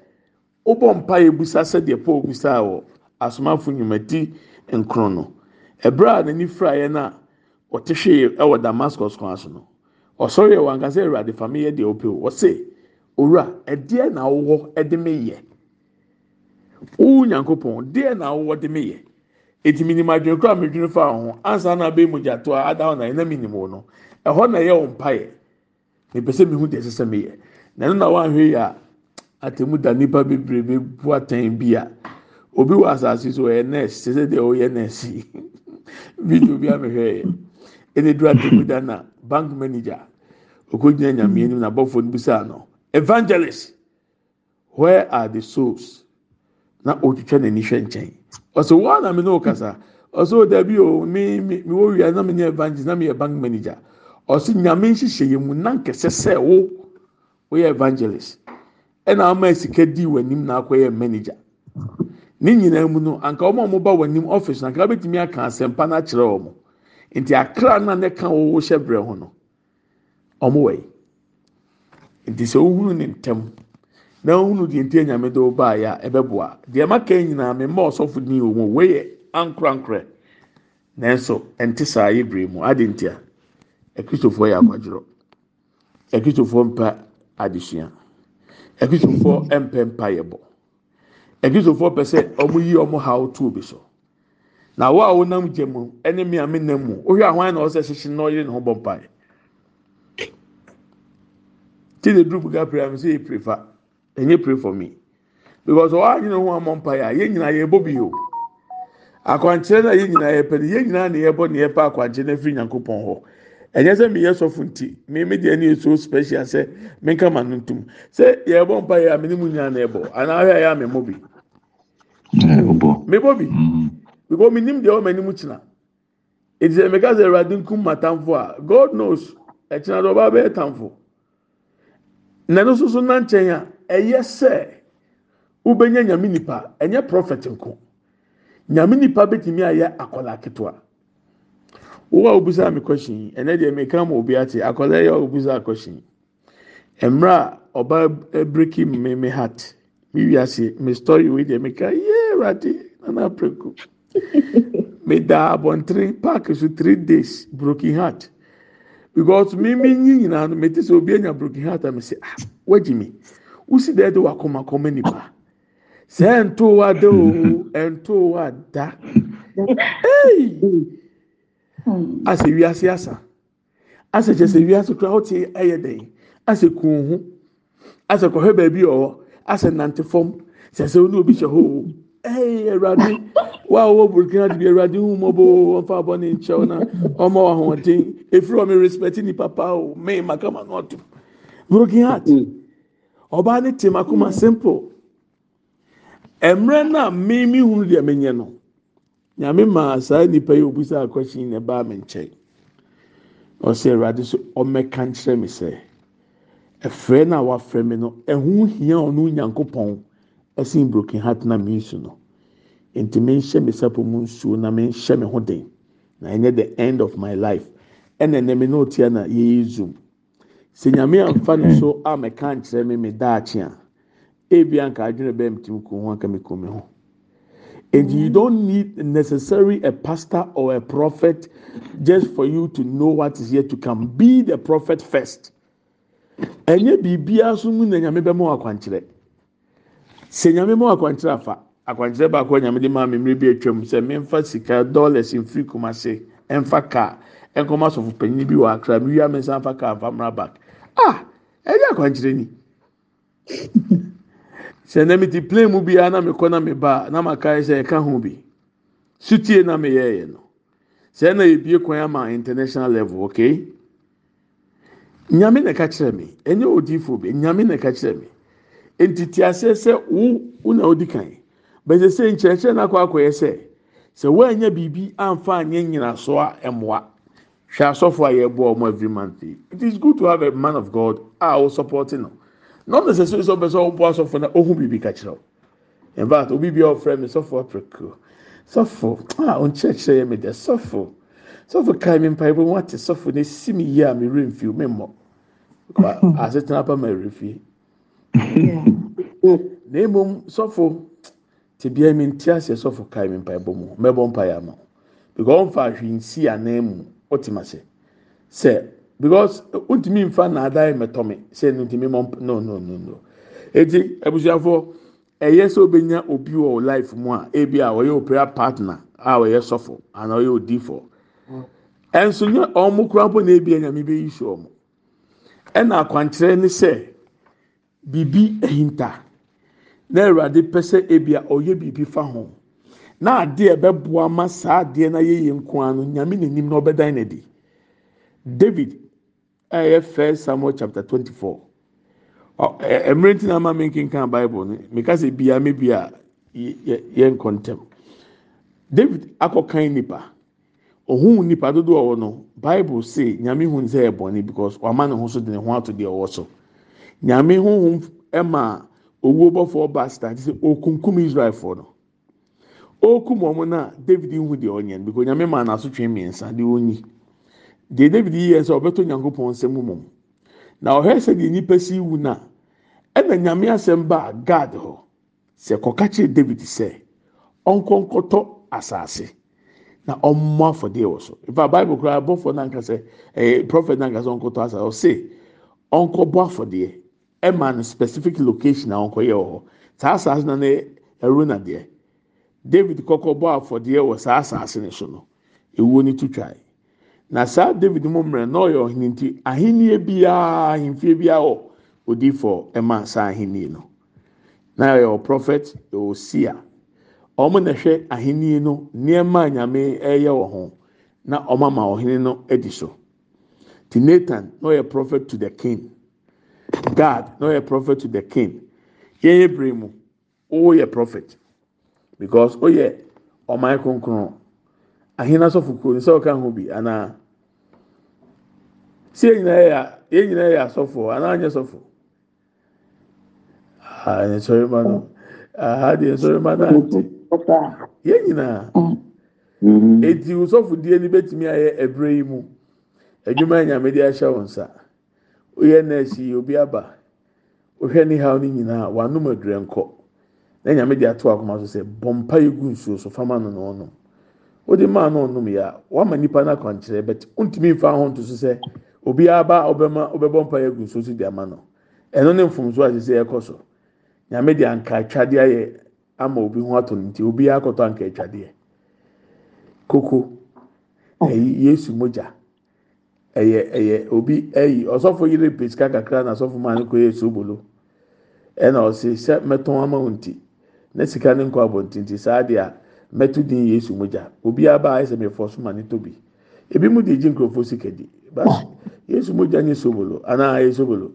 S2: wobɔ mpa ebusa sɛdeɛ paul busa wɔ asomafo nnwumadi nkron no ɛbrɛ a n'ani fura yɛ na ɔte hwee ɛwɔ damascus kwan so no ɔsɔre ɛwɔ ankasa awurade fami yɛ deɛ ɔpɛ owura ɛdeɛ na awɔ ɛde mi yɛ wɔn deɛ na awɔ mi yɛ mi dwene fa ho ansa na abɛn mu gya a ada hɔ na ɛna mi wɔ na wɔn mpa yɛ mipɛ sɛ deɛ ɛsɛ sɛ na ɛno na wɔn ahwɛ atemu da nipa bebree bebu atɛn bi a obi wɔ asaase so ɔyɛ nɛɛse sɛsɛ deɛ ɔyɛ nɛɛse video bi amehwɛ yɛ ɛna du atemu da na bank manager okogyina nyame anim na abɔfo no bisa no evangelist where are the souls na otwitwa n'ani hwɛ nkyɛn ɔsɛ wɔn a na mi n'okasa ɔsɛ ɔdabi o mi mi mi wɔ wia na mi nye evangelist na mi yɛ bank manager ɔsɛ nyame nhyehyɛ yɛ mu nankɛsɛ sɛ wo woyɛ evangelist. ɛna ama esike di na akɔyɛ manager ne nyinaa mu no anka wɔn a wɔba wɔn office anka wɔbɛtumi aka asɛmpa na akyerɛ wɔn nti akra na ne ka wɔwɔ hyɛ brɛ ho no wɔn wɔ yi nti sɛ ohunu ne ntɛm na ohunu deɛ nti ya ɛbɛboa deɛ maka nyinaa me mma ɔsɔfo ni wɔn wɔn ankorankorɛ nanso ɛnte saa bere mu adi ntia ɛkristofoɔ yɛ akwadworɔ mpa adesua. agyisofoɔ mpɛ mpaeɛ bɔ agyisofoɔ pɛ sɛ yi ɔmo ha otu obi so na wo a wonam gya mu ɛne mmea mu wohwɛ na ɔsɛ na ɔyere ne ho bɔ ti de buga sɛ pray for me because ho amɔ a yɛn nyinaa yɛ bɔ bi o na yɛn nyinaa yɛ pɛ no yɛn nyinaa na yɛ bɔ na yɛ pɛ akwankyerɛ na efiri hɔ. ɛnyɛ sɛ meyɛ sɔfo nti mimi deɛ ne yɛ so special sɛ menka ma no ntum sɛ yɛbɔ mpa yɛ amene mu nyinaa na ɛbɔ anaa yɛ ayɛ amemmɔ bi mebɔ bi mm. because menim deɛ ɔma anim kyena ɛti sɛ meka sɛ awurade nkum matamfo a god knows ɛkyena de ɔba bɛyɛ tamfo na no soso na nkyɛn a ɛyɛ sɛ wobɛnya nyame nipa ɛnyɛ prophet nko nyame nipa bɛtumi ayɛ akɔla ketewa wo a obusa mi question ɛnɛ eme mi kan obi ate akwadaa yi a obusa question mmerɛ a ɔba ebiriki eh, mi mi heart mi wi ase mi story wei deɛ mi ka yee rade nana apreko mi da abɔnten park so three days broken heart because mi mi nyi nyinaa no mi ti obi enya broken heart a mi sɛ ah wagyi mi wusi dɛ de wa kɔma kɔma nipa sɛ ntowa de o ntowa da ee. Hmm. asɛ wiase asa asɛ kyɛ sɛ wiase kora wote ɛyɛ dɛn asɛ kun ho asɛ kɔhwɛ baabi ɔwɔ asɛ nante fam sɛ sɛ obi hyɛ hɔ o ɛyɛ awurade wa burkina de bi awurade hu mmɔbɔ ɔmfa abɔ ne nkyɛw na ɔma wɔ ahoɔden respect n'i papa o no broken heart hmm. simple na deɛ nyame maa saa nnipa yi ɔbsɛakasino bɛa menkyɛ ɔsɛ rade so ɔmɛka nkyerɛ me sɛ frɛ nafrɛ me no oianoyankopɔsbroknh nomes o ntimehyɛ me sap sona meyɛme hoaɛɛe nmy lif ɛmenɔnaɛm ame fa noso mɛka nkyerɛmeme dakea And you don't need necessarily a pastor or a prophet just for you to know what is yet to come. Be the prophet first. Ɛnyɛ biribiara so mu na nyame bɛ mɔ akwankyerɛ. Sɛ nyame mɔ akwankyerɛ afa, akwankyerɛ baako bi atwam sɛ mmemfa sika dollars mfiri kumase mfa kaa nkɔmɔ asɔfo panyin bi wɔ akra mi Ah, ɛyɛ akwankyerɛ ni. sɛ ɛnna ti plane mu a na mi kɔ na mi ba na ma ka sɛ ɛka ho bi sutie na mi yɛ yɛ no sɛ ɛnna ebie kwan ama international level okay nyame na ɛka kyerɛ mi ɛnyɛ odiifo bi nyame na ɛka kyerɛ mi nti ti ase sɛ wo wo na odi kan bɛsɛ sɛ nkyerɛkyerɛ na akɔ akɔyɛ sɛ sɛ wɔanya biribi amfa anyɛ nyinaso a ɛmoa hwɛ asɔfo a yɛboa ɔmo every month it is good to have a man of God a ah, o supporting no. not necessarily sọ bẹsẹ ọbọ asọfo na ohun biribi ka kyerɛw in fact obi bi ah, oh, a ɔfrɛ mi sɔfo apɛku sɔfo a ɔnkyerɛkyerɛ yɛ mi dɛ sɔfo sɔfo kaa mi mpa ebo wate sɔfo na esi mi yie a mi rin fi mi mmɔ asetena pa ma eri fi na emom sɔfo te bia mi nti ase sɔfo kaa mi mpa ebo mu mɛbɔ mpa yɛ ama because ɔnfa ahwinsi anan mu ɔte ma se sɛ. because ntumi nfa na ada adan mɛtɔ mi sɛ ntumi mɔ no no no no eti abusuafoɔ ɛyɛ sɛ obenya obi wɔ life mu a ebi a ɔyɛ opera partner a ɔyɛ sɔfo ana ɔyɛ odifo ɛnso nyɛ ɔmo kura mpo na ebi ɛnyame bɛ yi so ɔmo ɛna akwankyerɛ ne sɛ bibi ɛhinta na awurade pɛ sɛ ebi a ɔyɛ bibi fa ho na adeɛ ɛbɛboa ma saa adeɛ na yɛ yɛ nkoa no nyame n'anim na ɔbɛdan n'adi david ɛyɛ first samuel chapter twenty four ɛmmerɛ ntina ama mi nkenkan bible no mika sɛ bia mi bia yɛ nkɔntɛm david akɔkan nipa ohun nipa dodo ɔwɔ no bible say nyame hun sɛ ɛbɔnni because wama ne ho so de ne ho ato deɛ ɔwɔ so nyame ɛma owó bɔfɔ okunkum no wɔn na david hun deɛ ɔnyɛ no because nyame ma mmiɛnsa deɛ ɔnyi. deɛ david yiyɛ sɛ ɔbɛtɔ nyankopɔn nsɛm mmom na ɔhwɛ sɛdeɛ nnipa si wu no a ɛna nyame asɛm baa gad hɔ sɛ kɔka kyerɛ david sɛ ɔnkɔnkɔtɔ asase na ɔmmɔ afɔdeɛ wɔ so nfa bible koraa bɔfoɔ no ankasa ɛɛ prɔfɛt no ankasa ɔnkɔtɔ asase ɔse ɔnkɔbɔ afɔdeɛ ɛma no specific location a ɔnkɔyɛ wɔ hɔ saa asase na ne ɛro na deɛ david kɔkɔbɔ afɔdeɛ wɔ saa asase no so no ewuo ne tutwae na saa david mu mmerɛ na ɔyɛ ɔhene nti ahenni biara ahemfie biara wɔ odifo ɛma saa ahenni no na yɛ wɔ prophet yɛwɔ na hwɛ ahenni no nneɛma na wɔn ama ɔhene no adi so ti nathan na ɔyɛ prophet to the king gad na ɔyɛ prophet to the king yɛn yɛ mu ɔyɛ prophet because ɔyɛ ɔman kronkron kuro ɔka ho bi si enyina ya asọfọ ana anya sọfọ anyị chọrọ ịma nọ ha dị nsọrọ ịma na ntị ya nyina eti usọfọ die ni betumi ayọ ebere yi mu edwuma enyame de ahyɛ wɔn nsa oyɛ nɛɛsi obi aba ohwɛ ne haw ne nyinaa wanum adure nkɔ na nyame de ato akoma so sɛ bɔmpa yi nsuo so fama no na ɔnom wodi maa na ɔnom ya wama nipa na akwankyerɛ bɛt ntumi nfa ahonto so sɛ. obiara ba ɔbɛma ɔbɛbɔ mpa ya egu nsuo si de ama no ɛno ne mfomso a sisi ɛkɔ so nyame de anka atwadeɛ ayɛ ama obi ho ato ne ti obiara akɔtɔ anka atwadeɛ koko oh. ɛyi yesu mogya ɛyɛ ɛyɛ obi ɛyi ɔsɔfo yi repe sika kakra na ɔsɔfo maa ne kɔ yɛ sobolo ɛna ɔsi sɛ mɛtɔn ama wɔn ti ne sika ne nkɔ abɔntinti saa deɛ mɛtu din yesu mogya obiara ba ayɛ sɛ mɛfɔ so ma ne tobi ebi mu de gye nkurɔfoɔ sika di. basi yesu mogya nye sobolo anaa ayɛ sobolo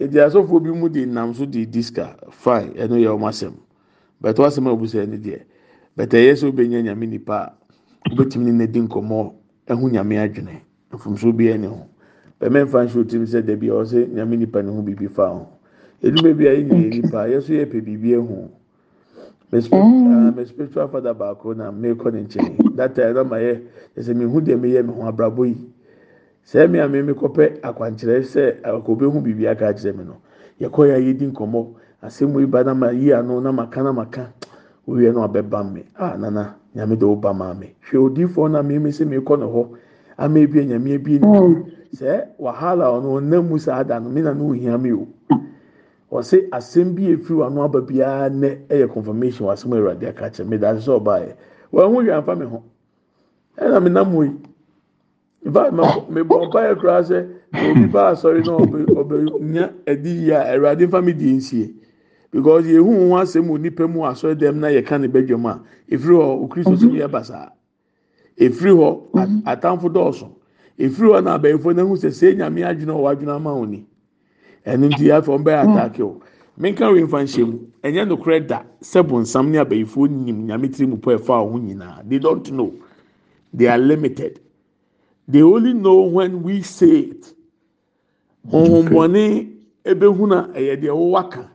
S2: ɛdi asɔfoɔ bi mu de nam so de diska fine ɛno yɛ ɔmo asɛm bɛtɛ asɛm a obusa ɛni deɛ bɛtɛ ɛyɛ sɛ obɛnya nyame nipa a obɛtumi ne ne di nkɔmɔ ɛho nyame adwene mfomso bi ɛni ho bɛmɛ nfa nso tim sɛ dɛbi a ɔsɛ nyame nipa ne ho biribi fa ho edumɛ bi a yɛ nyɛ nipa yɛ yɛ pɛ biribi ɛho mɛ spiritual father baako na mɛ kɔ ne nkyɛn. data ẹ na ma yɛ ɛsɛ mi hu deɛ mi yɛ mi ho abrabɔ yi sɛ mi a mi mi kɔpɛ akwankyerɛ sɛ akobe hu biribi aka akyerɛ mi no yɛkɔ ya a yɛdi nkɔmɔ asɛm yi ba na ma yi ano na ma ka na ma ka wiyɛ no mi a nana eh, nyame e, de o ba maa mi hwɛ odiifoɔ na mi mi sɛ mi kɔ ne hɔ ama ebie nyame ebie ne sɛ wahala ɔno ɔnam mu saa da no mi na no ohia mi o wɔsi asɛm bi efiri wɔn ano aba biara nɛ ɛyɛ confirmation wɔ asɛm awurade aka akyerɛ mi da sɛ ɔbaa yɛ. wɔn ho yɛ amfa mi ho ɛna mi nam yi nfa mi bɔ mpa yɛ kura sɛ obi ba asɔre na ɔbɛ ɔbɛ nya ɛdi yi a ɛwurade nfa mi di nsie because yɛ hu ho asɛm wɔ nipa mu asɔre dɛm na yɛ ka ne bɛ dwom a efiri hɔ okristo so yɛ basaa efiri hɔ atamfo dɔɔso efiri hɔ na abɛɛfo na ehu sɛ sɛ nyame adwene ɔwɔ adwene ama wɔn ni ɛnu ti afɔ ɔbɛ ataaki o menka wei mfa nhyɛ mu ɛnyɛ nokorɛ da sɛ bonsam ne abayifoɔ nim nyame tiri mu pɔ ɛfa ho nyinaa they don't know they are limited they only know when we say it honhombɔne ebehuna ɛyɛ deɛ wɔwɔ aka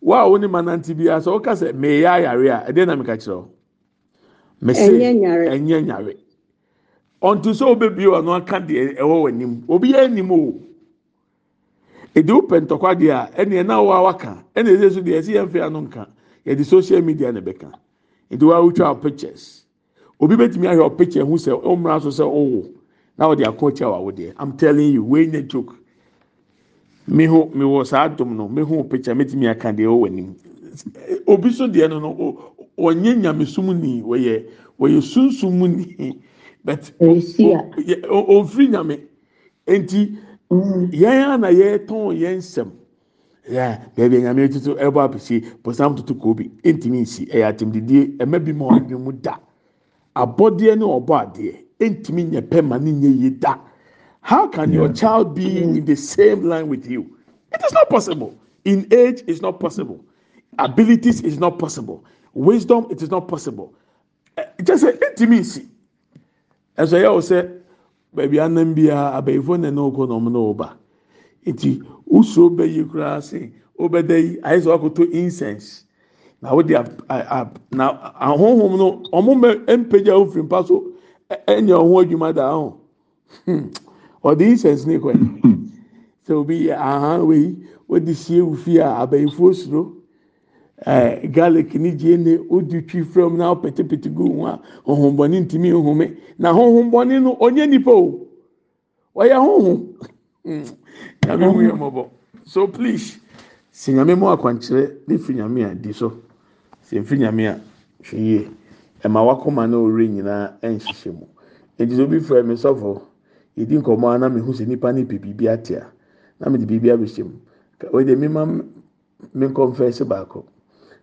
S2: wo a wɔne ma nante bi asɛ ɔka sɛ mɛyɛ ayare a ɛdeɛ na meka kyerɛ
S3: mɛsɛ ɛnyɛ
S2: nyare ɔntu sɛ ɔbɛbie wɔn aka deɛ ɛwɔ wɔn anim obi o. èdè wopɛ ntɔkwa a ɛnna ɛna wɔn a waka ɛnna e so deɛ ɛsi yɛn fɛ ano nka ịdị social media na bɛka èdè wɔn a pictures obi bɛtumi ahwɛ ɔ picture sɛ ɔmmra so sɛ ɔwɔ na ɔde akɔ kyɛ wɔ awodeɛ i'm telling you wei nye joke mi ho mi wɔ saa no mi ho aka deɛ ɔwɔ anim obi so deɛ no no nyame sum ni sunsum ni but nyame nti. Mm. yɛn ana yɛ tɔ yɛnsɛminyameɔ psbmiyɛ atimdidiema bi ma adwmu da abɔdeɛ ne ɔbɔ adeɛ ɛntimi nyɛ pɛ ma ne yɛyi da how can your child be mm. in the same line with you itis no possible in age isno possible abilities isno possible wisdom itis no possible kyɛ sɛ ɛntimi nsi ɛnso yɛwo sɛ baabi anam biara abayifo na ɛna okɔ na ɔmo na ɔba nti usuo bɛyi koraa se ɔbɛda yi ayɛ sɛ ɔkoto incense na ɔde a a na ahohom no ɔmo mɛ mpagya ofiri mpa so ɛnyɛ ɔho adwuma da ho hmm. ɔde incense ne kɔ yi sɛ obi yɛ aha wei ɔde sie ofi a abayifo soro. garlic ni die ne odi twi fam na petepete gu ho a honhombɔne ntumi nhome na honhombɔne no onye nipa o ɔyɛ honhom nyame hu yɛ mmɔbɔ so please sɛ nyame mu akwankyerɛ ne fi nyame a di so sɛ mfi nyame a hwɛ yie ɛma wakoma na owurɛ nyinaa nhyehyɛ mu edi obi fira mi sɔfo yedi nkɔmɔ na mi hu sɛ nipa ne biribi atia na mi de biribi abɛhyɛ mu wɔde mi ma mi nkɔmfɛnsi baako.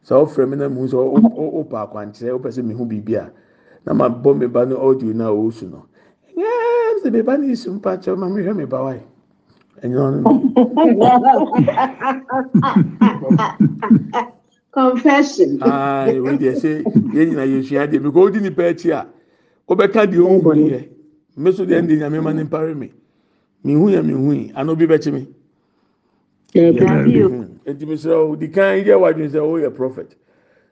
S2: sɛ ɔfrɛ mi na mu sɛ ɔpɛ akwankyerɛ ɔpɛ sɛ mihu biribi a na ma bɔ mi ba no ɔdio na ɔɔsu no ɛɛ sɛ mi ba no esu mpa kyɛw ma mi hwɛ mi ba wa yi ɛnyɛ ɔno no.
S3: confession. aa ewu deɛ
S2: sɛ yɛn nyinaa yɛ sua deɛ because odi nipa akyi a ɔbɛka deɛ ɔn hu yɛ mbɛ so deɛ ndi nyame ma ne mpare mi mihu yɛ mihu yi ana obi bɛkyi mi. ɛɛ bi a o. nti mesrɛ wo di kan yɛ wadwene sɛ woyɛ prophet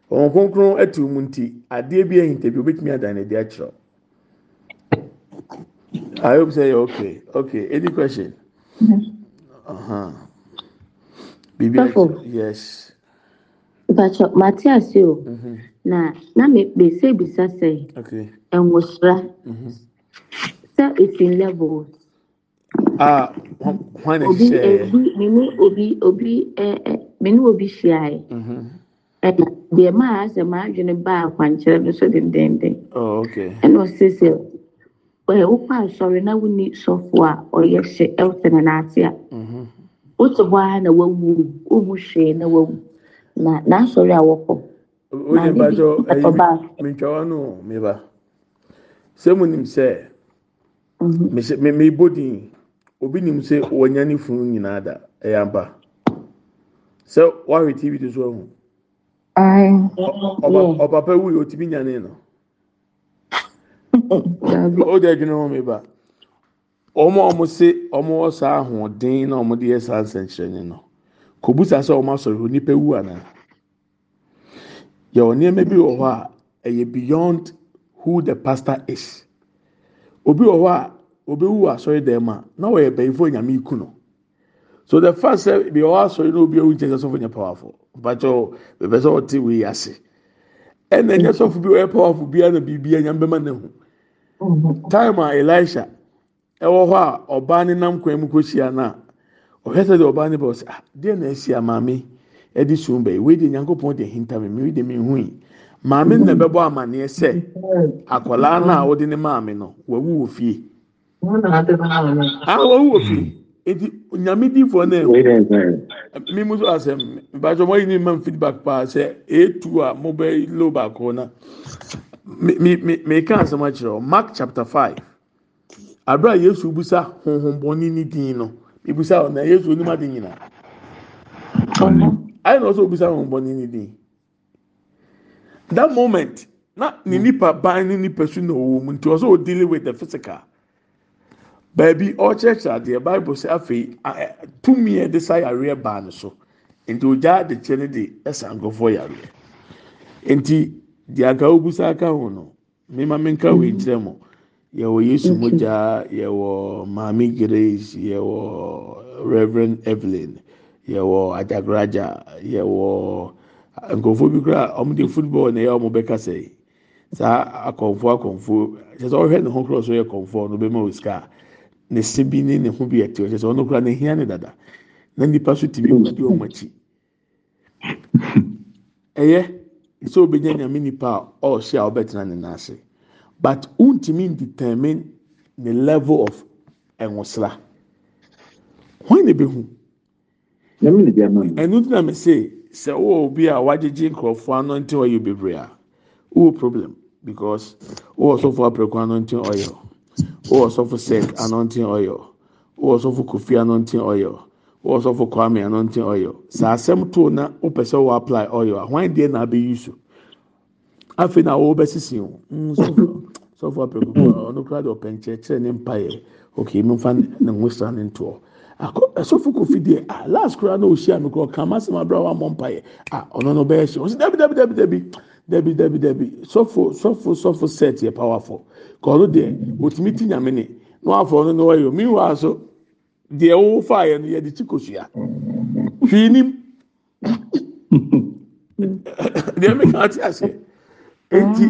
S2: wɔn kronkron ati mu nti adeɛ bi ahinta bi obetumi adan ne de akyerɛw i hope say you okay okay any question uh -huh. bibi yes.
S3: Bàtchọ, màtí àsè o, mm-hmm. na na mèsè bìsà sè, ẹ̀wòsra, sẹ́ èfin lẹ́bù.
S2: Ah, hwan na hyehyɛ yɛ
S3: mene obi obi ɛɛ eh, eh, mene obi hyiaeɛ ɛna deɛ maa asɛ maa adwene baa akwankyerɛ no so dendenden ɛna ɔsɛ sɛ ɛɛ wokɔ asɔre na woni sɔfo a ɔyɛ hye ɛwotene n'ate a wote hɔ ara na wawu wowu hwee na wawu na n'asɔre a wɔkɔ
S2: na bibi ɛtɔba. mentwa wa no meba sɛ mu nim sɛ mebɔ din obi nim sɛ wɔnya ne funu nyinaa da ɛyɛ aba sɛ wahwɛ tv do so ahu ɔpapa wu yɛ otumi nyane no o de adwene ho mi ba wɔn a wɔn se wɔn wɔ saa ahoɔden na wɔn de yɛ saa nsɛnkyerɛnne no kobusa sɛ wɔn asɔre hɔ nipa wu ana yɛ wɔ nneɛma bi wɔ hɔ a ɛyɛ beyond who the pastor is obi wɔ hɔ a. wu asɔre dɛm ma na wɔyɛ bɛyifo nyame iku no so the first sɛ bi ɔwɔ asɔre na obi ewu nkyɛn sɛ sɔfo nyɛ powerful mpatsɛ bɛbɛ sɛ ɔte wei ase nyɛ sɔfo bi ɔyɛ powerful bia na biribi bɛma na time a elisha ɛwɔ hɔ a ɔbaa nam kwan mu sɛ ɔbaa ne ah deɛ na esi maame ɛde sum bɛyi wei hinta mi mi maame na bɛbɔ amaneɛ akwaraa na a ne maame no wawu wɔ
S3: An
S2: waw wopi? E ti, nyami di fwane? Weden, sir. Mi mwoso ase, bwa jom woy inye men feedback pa, se, e tuwa, mwobwe lo bakona. Mi, mi, mi, mi, me ikan ase mwache yo, Mark chapter 5, abwa Yesu ubisa, fwene, fwene, fwene, bon mweni ni di yino, ibusan wane, Yesu nima di yina. Ayo nou so, ubisa fwene, fwene, bon fwene, mweni ni di. Da moment, na nini pa banyi, nini peswene ou, mweni ti waso o dili wey te fisika, baabi ɔkyerɛkyerɛ adeɛ bible sị afei tumi a ɛde sa yareɛ baa no so nti ogya adekyɛ no de ɛsa nkɔfoɔ nti deɛ aka obusa aka ho no mema menka wei mm-hmm. kyerɛ mo yɛwɔ yesu mm-hmm. mogya yɛwɔ maame grace yɛwɔ reverend evelyn yɛwɔ adagraja yɛwɔ nkɔfoɔ bi koraa ɔmo de football na ya ɔmo bɛka saa akɔnfoɔ akɔnfoɔ kyerɛ ɔhwɛ ne ho korɔ yɛ kɔnfoɔ bɛma ne se bi ne ne ho bi ɛte ɔkyɛ sɛ ɔno kura ne hia ne dada na nipa so ti bi wɔ bi wɔn akyi ɛyɛ sɛ obenya nyame nipa a ɔhyɛ a ɔbɛtena ne nan ase but ntumi determine the level of ɛnwosra wɔn na ebi ho ɛnu ti na mi se sɛ wɔwɔ obi a wagyegye nkurɔfoɔ ano nti ɔyɛ bebree a wɔwɔ problem because wɔwɔ sɔfo apɛkɔ ano nti ɔyɛ wowɔ sɔfo sek anointing oil wowɔ sɔfo kofi anointing oil wowɔ sɔfo kwame anointing oil saa asɛm too na wopɛ sɛ wɔ apply oil a hwan deɛ na abɛyi so afei na wɔwɔ bɛsisi o mm, sɔfo apɛkuku ɔno kura de ɔpɛ nkyerɛkyerɛ ne mpaeɛ okay mi nfa ne nwosira ne ntoɔ akɔ ɛsɔfo kofi deɛ ah last kura na ohyia mi kura ɔkama sɛ ma bra wa mɔ mpaeɛ ah ɔno no bɛyɛ hyɛ ɔsi dabi dabi dabi dabi dabi dabi dabi sɔfo sɔfo sɔfo set yɛ powerful kɔɔno deɛ wotumi ti nyame ne na wafɔ no na wɔyɛ meanwhile so deɛ wɔwɔ fa yɛ no yɛde ti kosua hwii nim deɛ meka ate aseɛ eti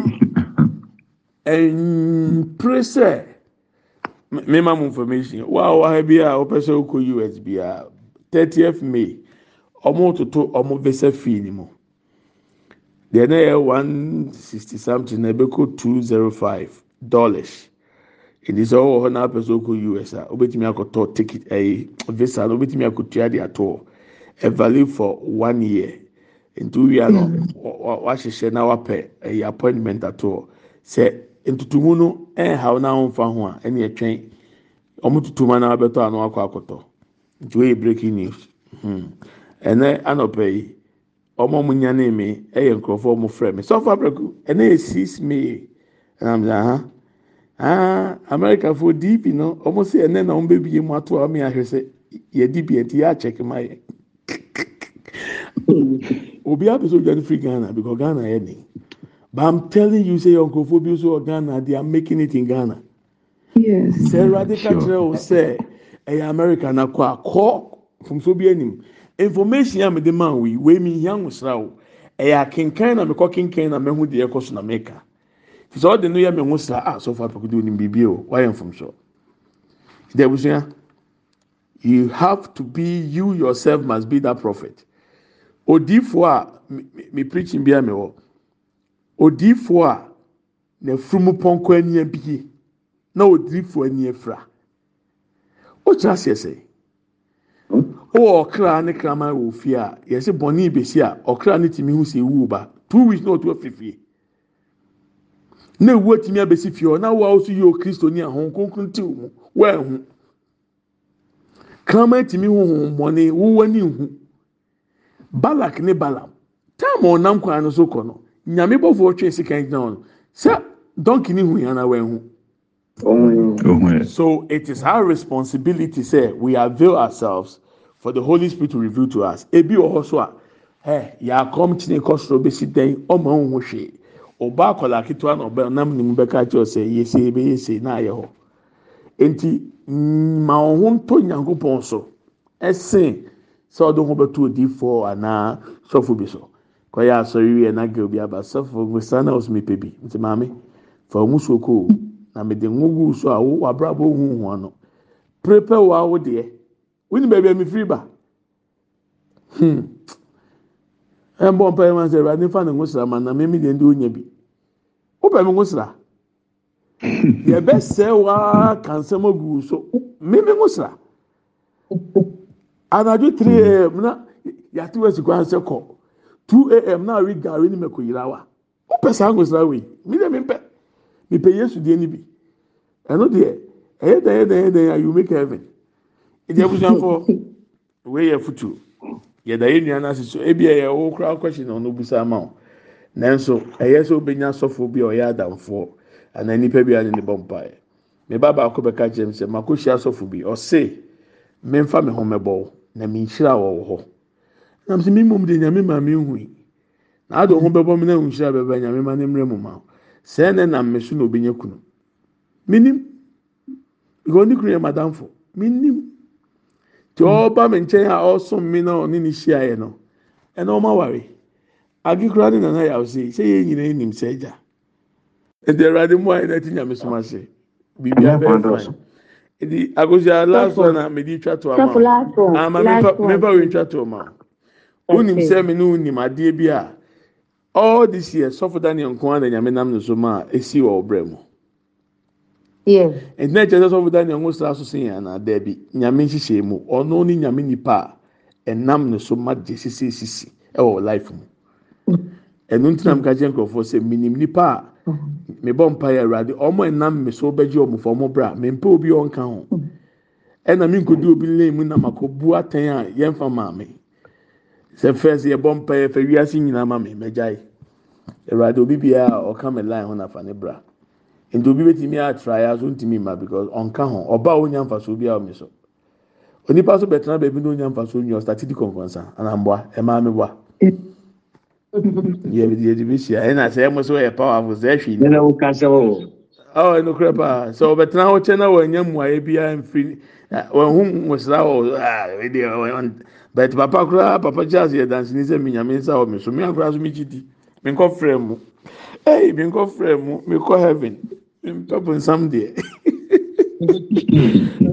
S2: mpere sɛ mema mu information waa waa bi a wɔpɛ sɛ wɔkɔ us bi a thirtieth may ɔmo toto ɔmo visa fee ni mu deɛ na yɛ one sixty something na ɛbɛkɔ two zero oh five dollars ɛdi sɛ ɔwɔ hɔ n'apɛ sɛ ɔkɔ us a obetumi akɔtɔ ticket ɛyi eh, visa no obetumi akɔtua de ato a value for one year ntu wia no mm. wahyehyɛ na wapɛ ɛyɛ appointment ato sɛ ntutumu no eh, ɛnhaw n'ahomfa ho a ɛna ɛtwɛn wɔn tutuma na abɛtɔ ano akɔ akɔtɔ nti wɔyɛ breaking news ɛnɛ anɔpɛ yi. ọmọ mu nya nee mi ɛyɛ nkurɔfoɔ mu frɛ mi sɔfo abiraku ɛna yɛ six may ɛnam sɛ aha aha amerikafoɔ diibi no ɔmo sɛ ɛnɛ na ɔmo bebie mu ato a ɔmo yɛ ahwɛ sɛ yɛdi bi ɛnti yɛ akyɛk ma yɛ obi apɛ sɛ firi ghana because ghana yɛ but i'm telling you say yɛ nkurɔfoɔ bi ghana they are making it in ghana yes sɛ ɛwurade kakyerɛ o sɛ ɛyɛ america na kɔ akɔ so bi anim information a mede we we wei mi hia ahosra o ɛyɛ akenkan na mekɔ kenkan na mehu deɛ ɛkɔ so na meka te sɛ ɔde no ya me ho sra a sɔfo apɛkudu onim biribi o wayɛ mfomso de abusua you have to be you yourself must be that prophet odiifoɔ a me preaching bi a me wɔ odiifoɔ a frumu pɔnkɔ ania bie na odiifoɔ ania fira o kyerɛ aseɛ wɔ ɔkra ne kraman wɔ fie a yɛsɛ bɔnne besi a ɔkra ne tìmi hu sɛ ewu ba two weeks na ɔtɔ fifie na ewu tìmi abesi fie ɔna wo a wosu yɛ okristo ni ahɔn kunkun ti mu wɛɛhu kraman tìmi hu hɔn bɔnne wowɔ ne hu balak ne balam taama ɔnam kwan no so kɔ no nyame bɔfo ɔtwe sika gyina hɔ no sɛ donkey ne hu yɛn na wɛɛhu. So it is our responsibility, say, we avail ourselves for the holy spirit to reveal to us ebi wɔ hɔ so a ɛ yɛakɔm kyene kɔ soro bɛsi dɛn ɔma ohun hwee ɔba akwadaa ketewa na ɔbɛn nam ne mu bɛka kyerɛ sɛ yɛsɛ ebe yɛsɛ na ayɛ hɔ nti mm, ma wɔn ho nto nyankopɔn so ɛsen sɛ ɔde ho bɛto odiifoɔ anaa sɔfo bi so kɔyɛ asɔre wie na gɛl bi aba sɔfo gbesa na ɔso mepɛ bi nti maame fa ɔmo so koo na mede ngo gu so a wo w'abrabɔ ohun ho ano prepare wo awo wini baabi hmm. hmm. a mefiri ba hmm ɛnbɔ mpae ma sɛ ɛwurade nfa ne ho sra ma na mmemme deɛ ndi onya bi wopɛ me ho sra yɛbɛsɛɛ waa ka nsɛm agu so mmemme ho sra anadwo three am na yate wɔ sikwa sɛ kɔ two am na awi gaari ne mɛko yira wa wopɛ saa ho sra wei mi deɛ mi mpɛ mi pɛ yesu deɛ ni bi ɛno deɛ ɛyɛ dɛn yɛ dɛn yɛ dɛn yɛ you make heaven. e abusuafo wei yɛ futuo yɛda yɛ nua no so ebi yɛ kura na ɔno busa ama wo nanso ɛyɛ sɛ sɔfo bi a ɔyɛ nipa bi a ne bɔ baako bɛka sɛ mako hyia sɔfo bi na menhyira wɔ wɔ hɔ nam sɛ nyame ma menhui na ade ho bɛbɔ me na nhhyira bɛbɛ nyame ma ne mmerɛ ma sɛɛ na nam na obenya kunu menim yɛ madamfo nti ɔba mi nkyɛn a ɔsom mi na ɔne ne hyia yɛ no ɛna ɔma ware agikura ne nana yɛ ɔsi sɛ yɛn nyinaa nim sɛ gya e nti ɛwurade mu a yɛn ti nyame som ase biribi abɛɛ fain nti agosua last one a mɛ di twa to ama ama mɛfa twa to ma wonim sɛ mi ne wonim adeɛ bi a all this year daniel nko na nyame nam ne so esi wɔ ɔbrɛ mu. Yes. kyerɛ sɛ sɔfo daniel ho sra so sen yɛn anaa daabi nyame nhyehyɛ mu ɔno ne nyame nipa a ɛnam ne so ma gye sisi sisi ɛwɔ life mu ɛnu ntina mu ka kyerɛ nkurɔfoɔ sɛ minim nipa a mebɔ mpa yɛ awurade ɔmo ɛnam me so bɛgye ɔmo fɔ ɔmo bra obi ɔnka ho ɛna mi nkodi obi lane mu nam akɔ bu atɛn a yɛnfa maame sɛ fɛs yɛbɔ mpa yɛ fɛ wiase nyinaa ma mi mɛgya yi awurade obi biara ɔka nti obi bɛtumi atra ya so ntumi ma because ɔnka ho ɔba a onya nfaso bi a ɔmi so onipa so bɛtena baabi na onya nfaso nyi ɔsta titi kɔnkɔnsa anamboa ɛmaa mi boa yɛ yɛ de bi hyia ɛna sɛ ɛmo so yɛ powerful sɛ ɛhwi ni. ɛna o ka sɛ o. ɔ ɛnu kura paa sɛ ɔbɛtena hɔ kyɛn na wɔnyɛ mmuaeɛ bi a nfiri wɔn ho wɔ aa ɛdi ɔn bɛt papa koraa papa charles yɛ dansini sɛ mi nyame nsa wɔ mi so mi akora so mi gyi di mi nkɔ frɛ mu. Hey, mi nkɔ frɛ mu, mi kɔ heaven, mi ntɔpo nsam deɛ.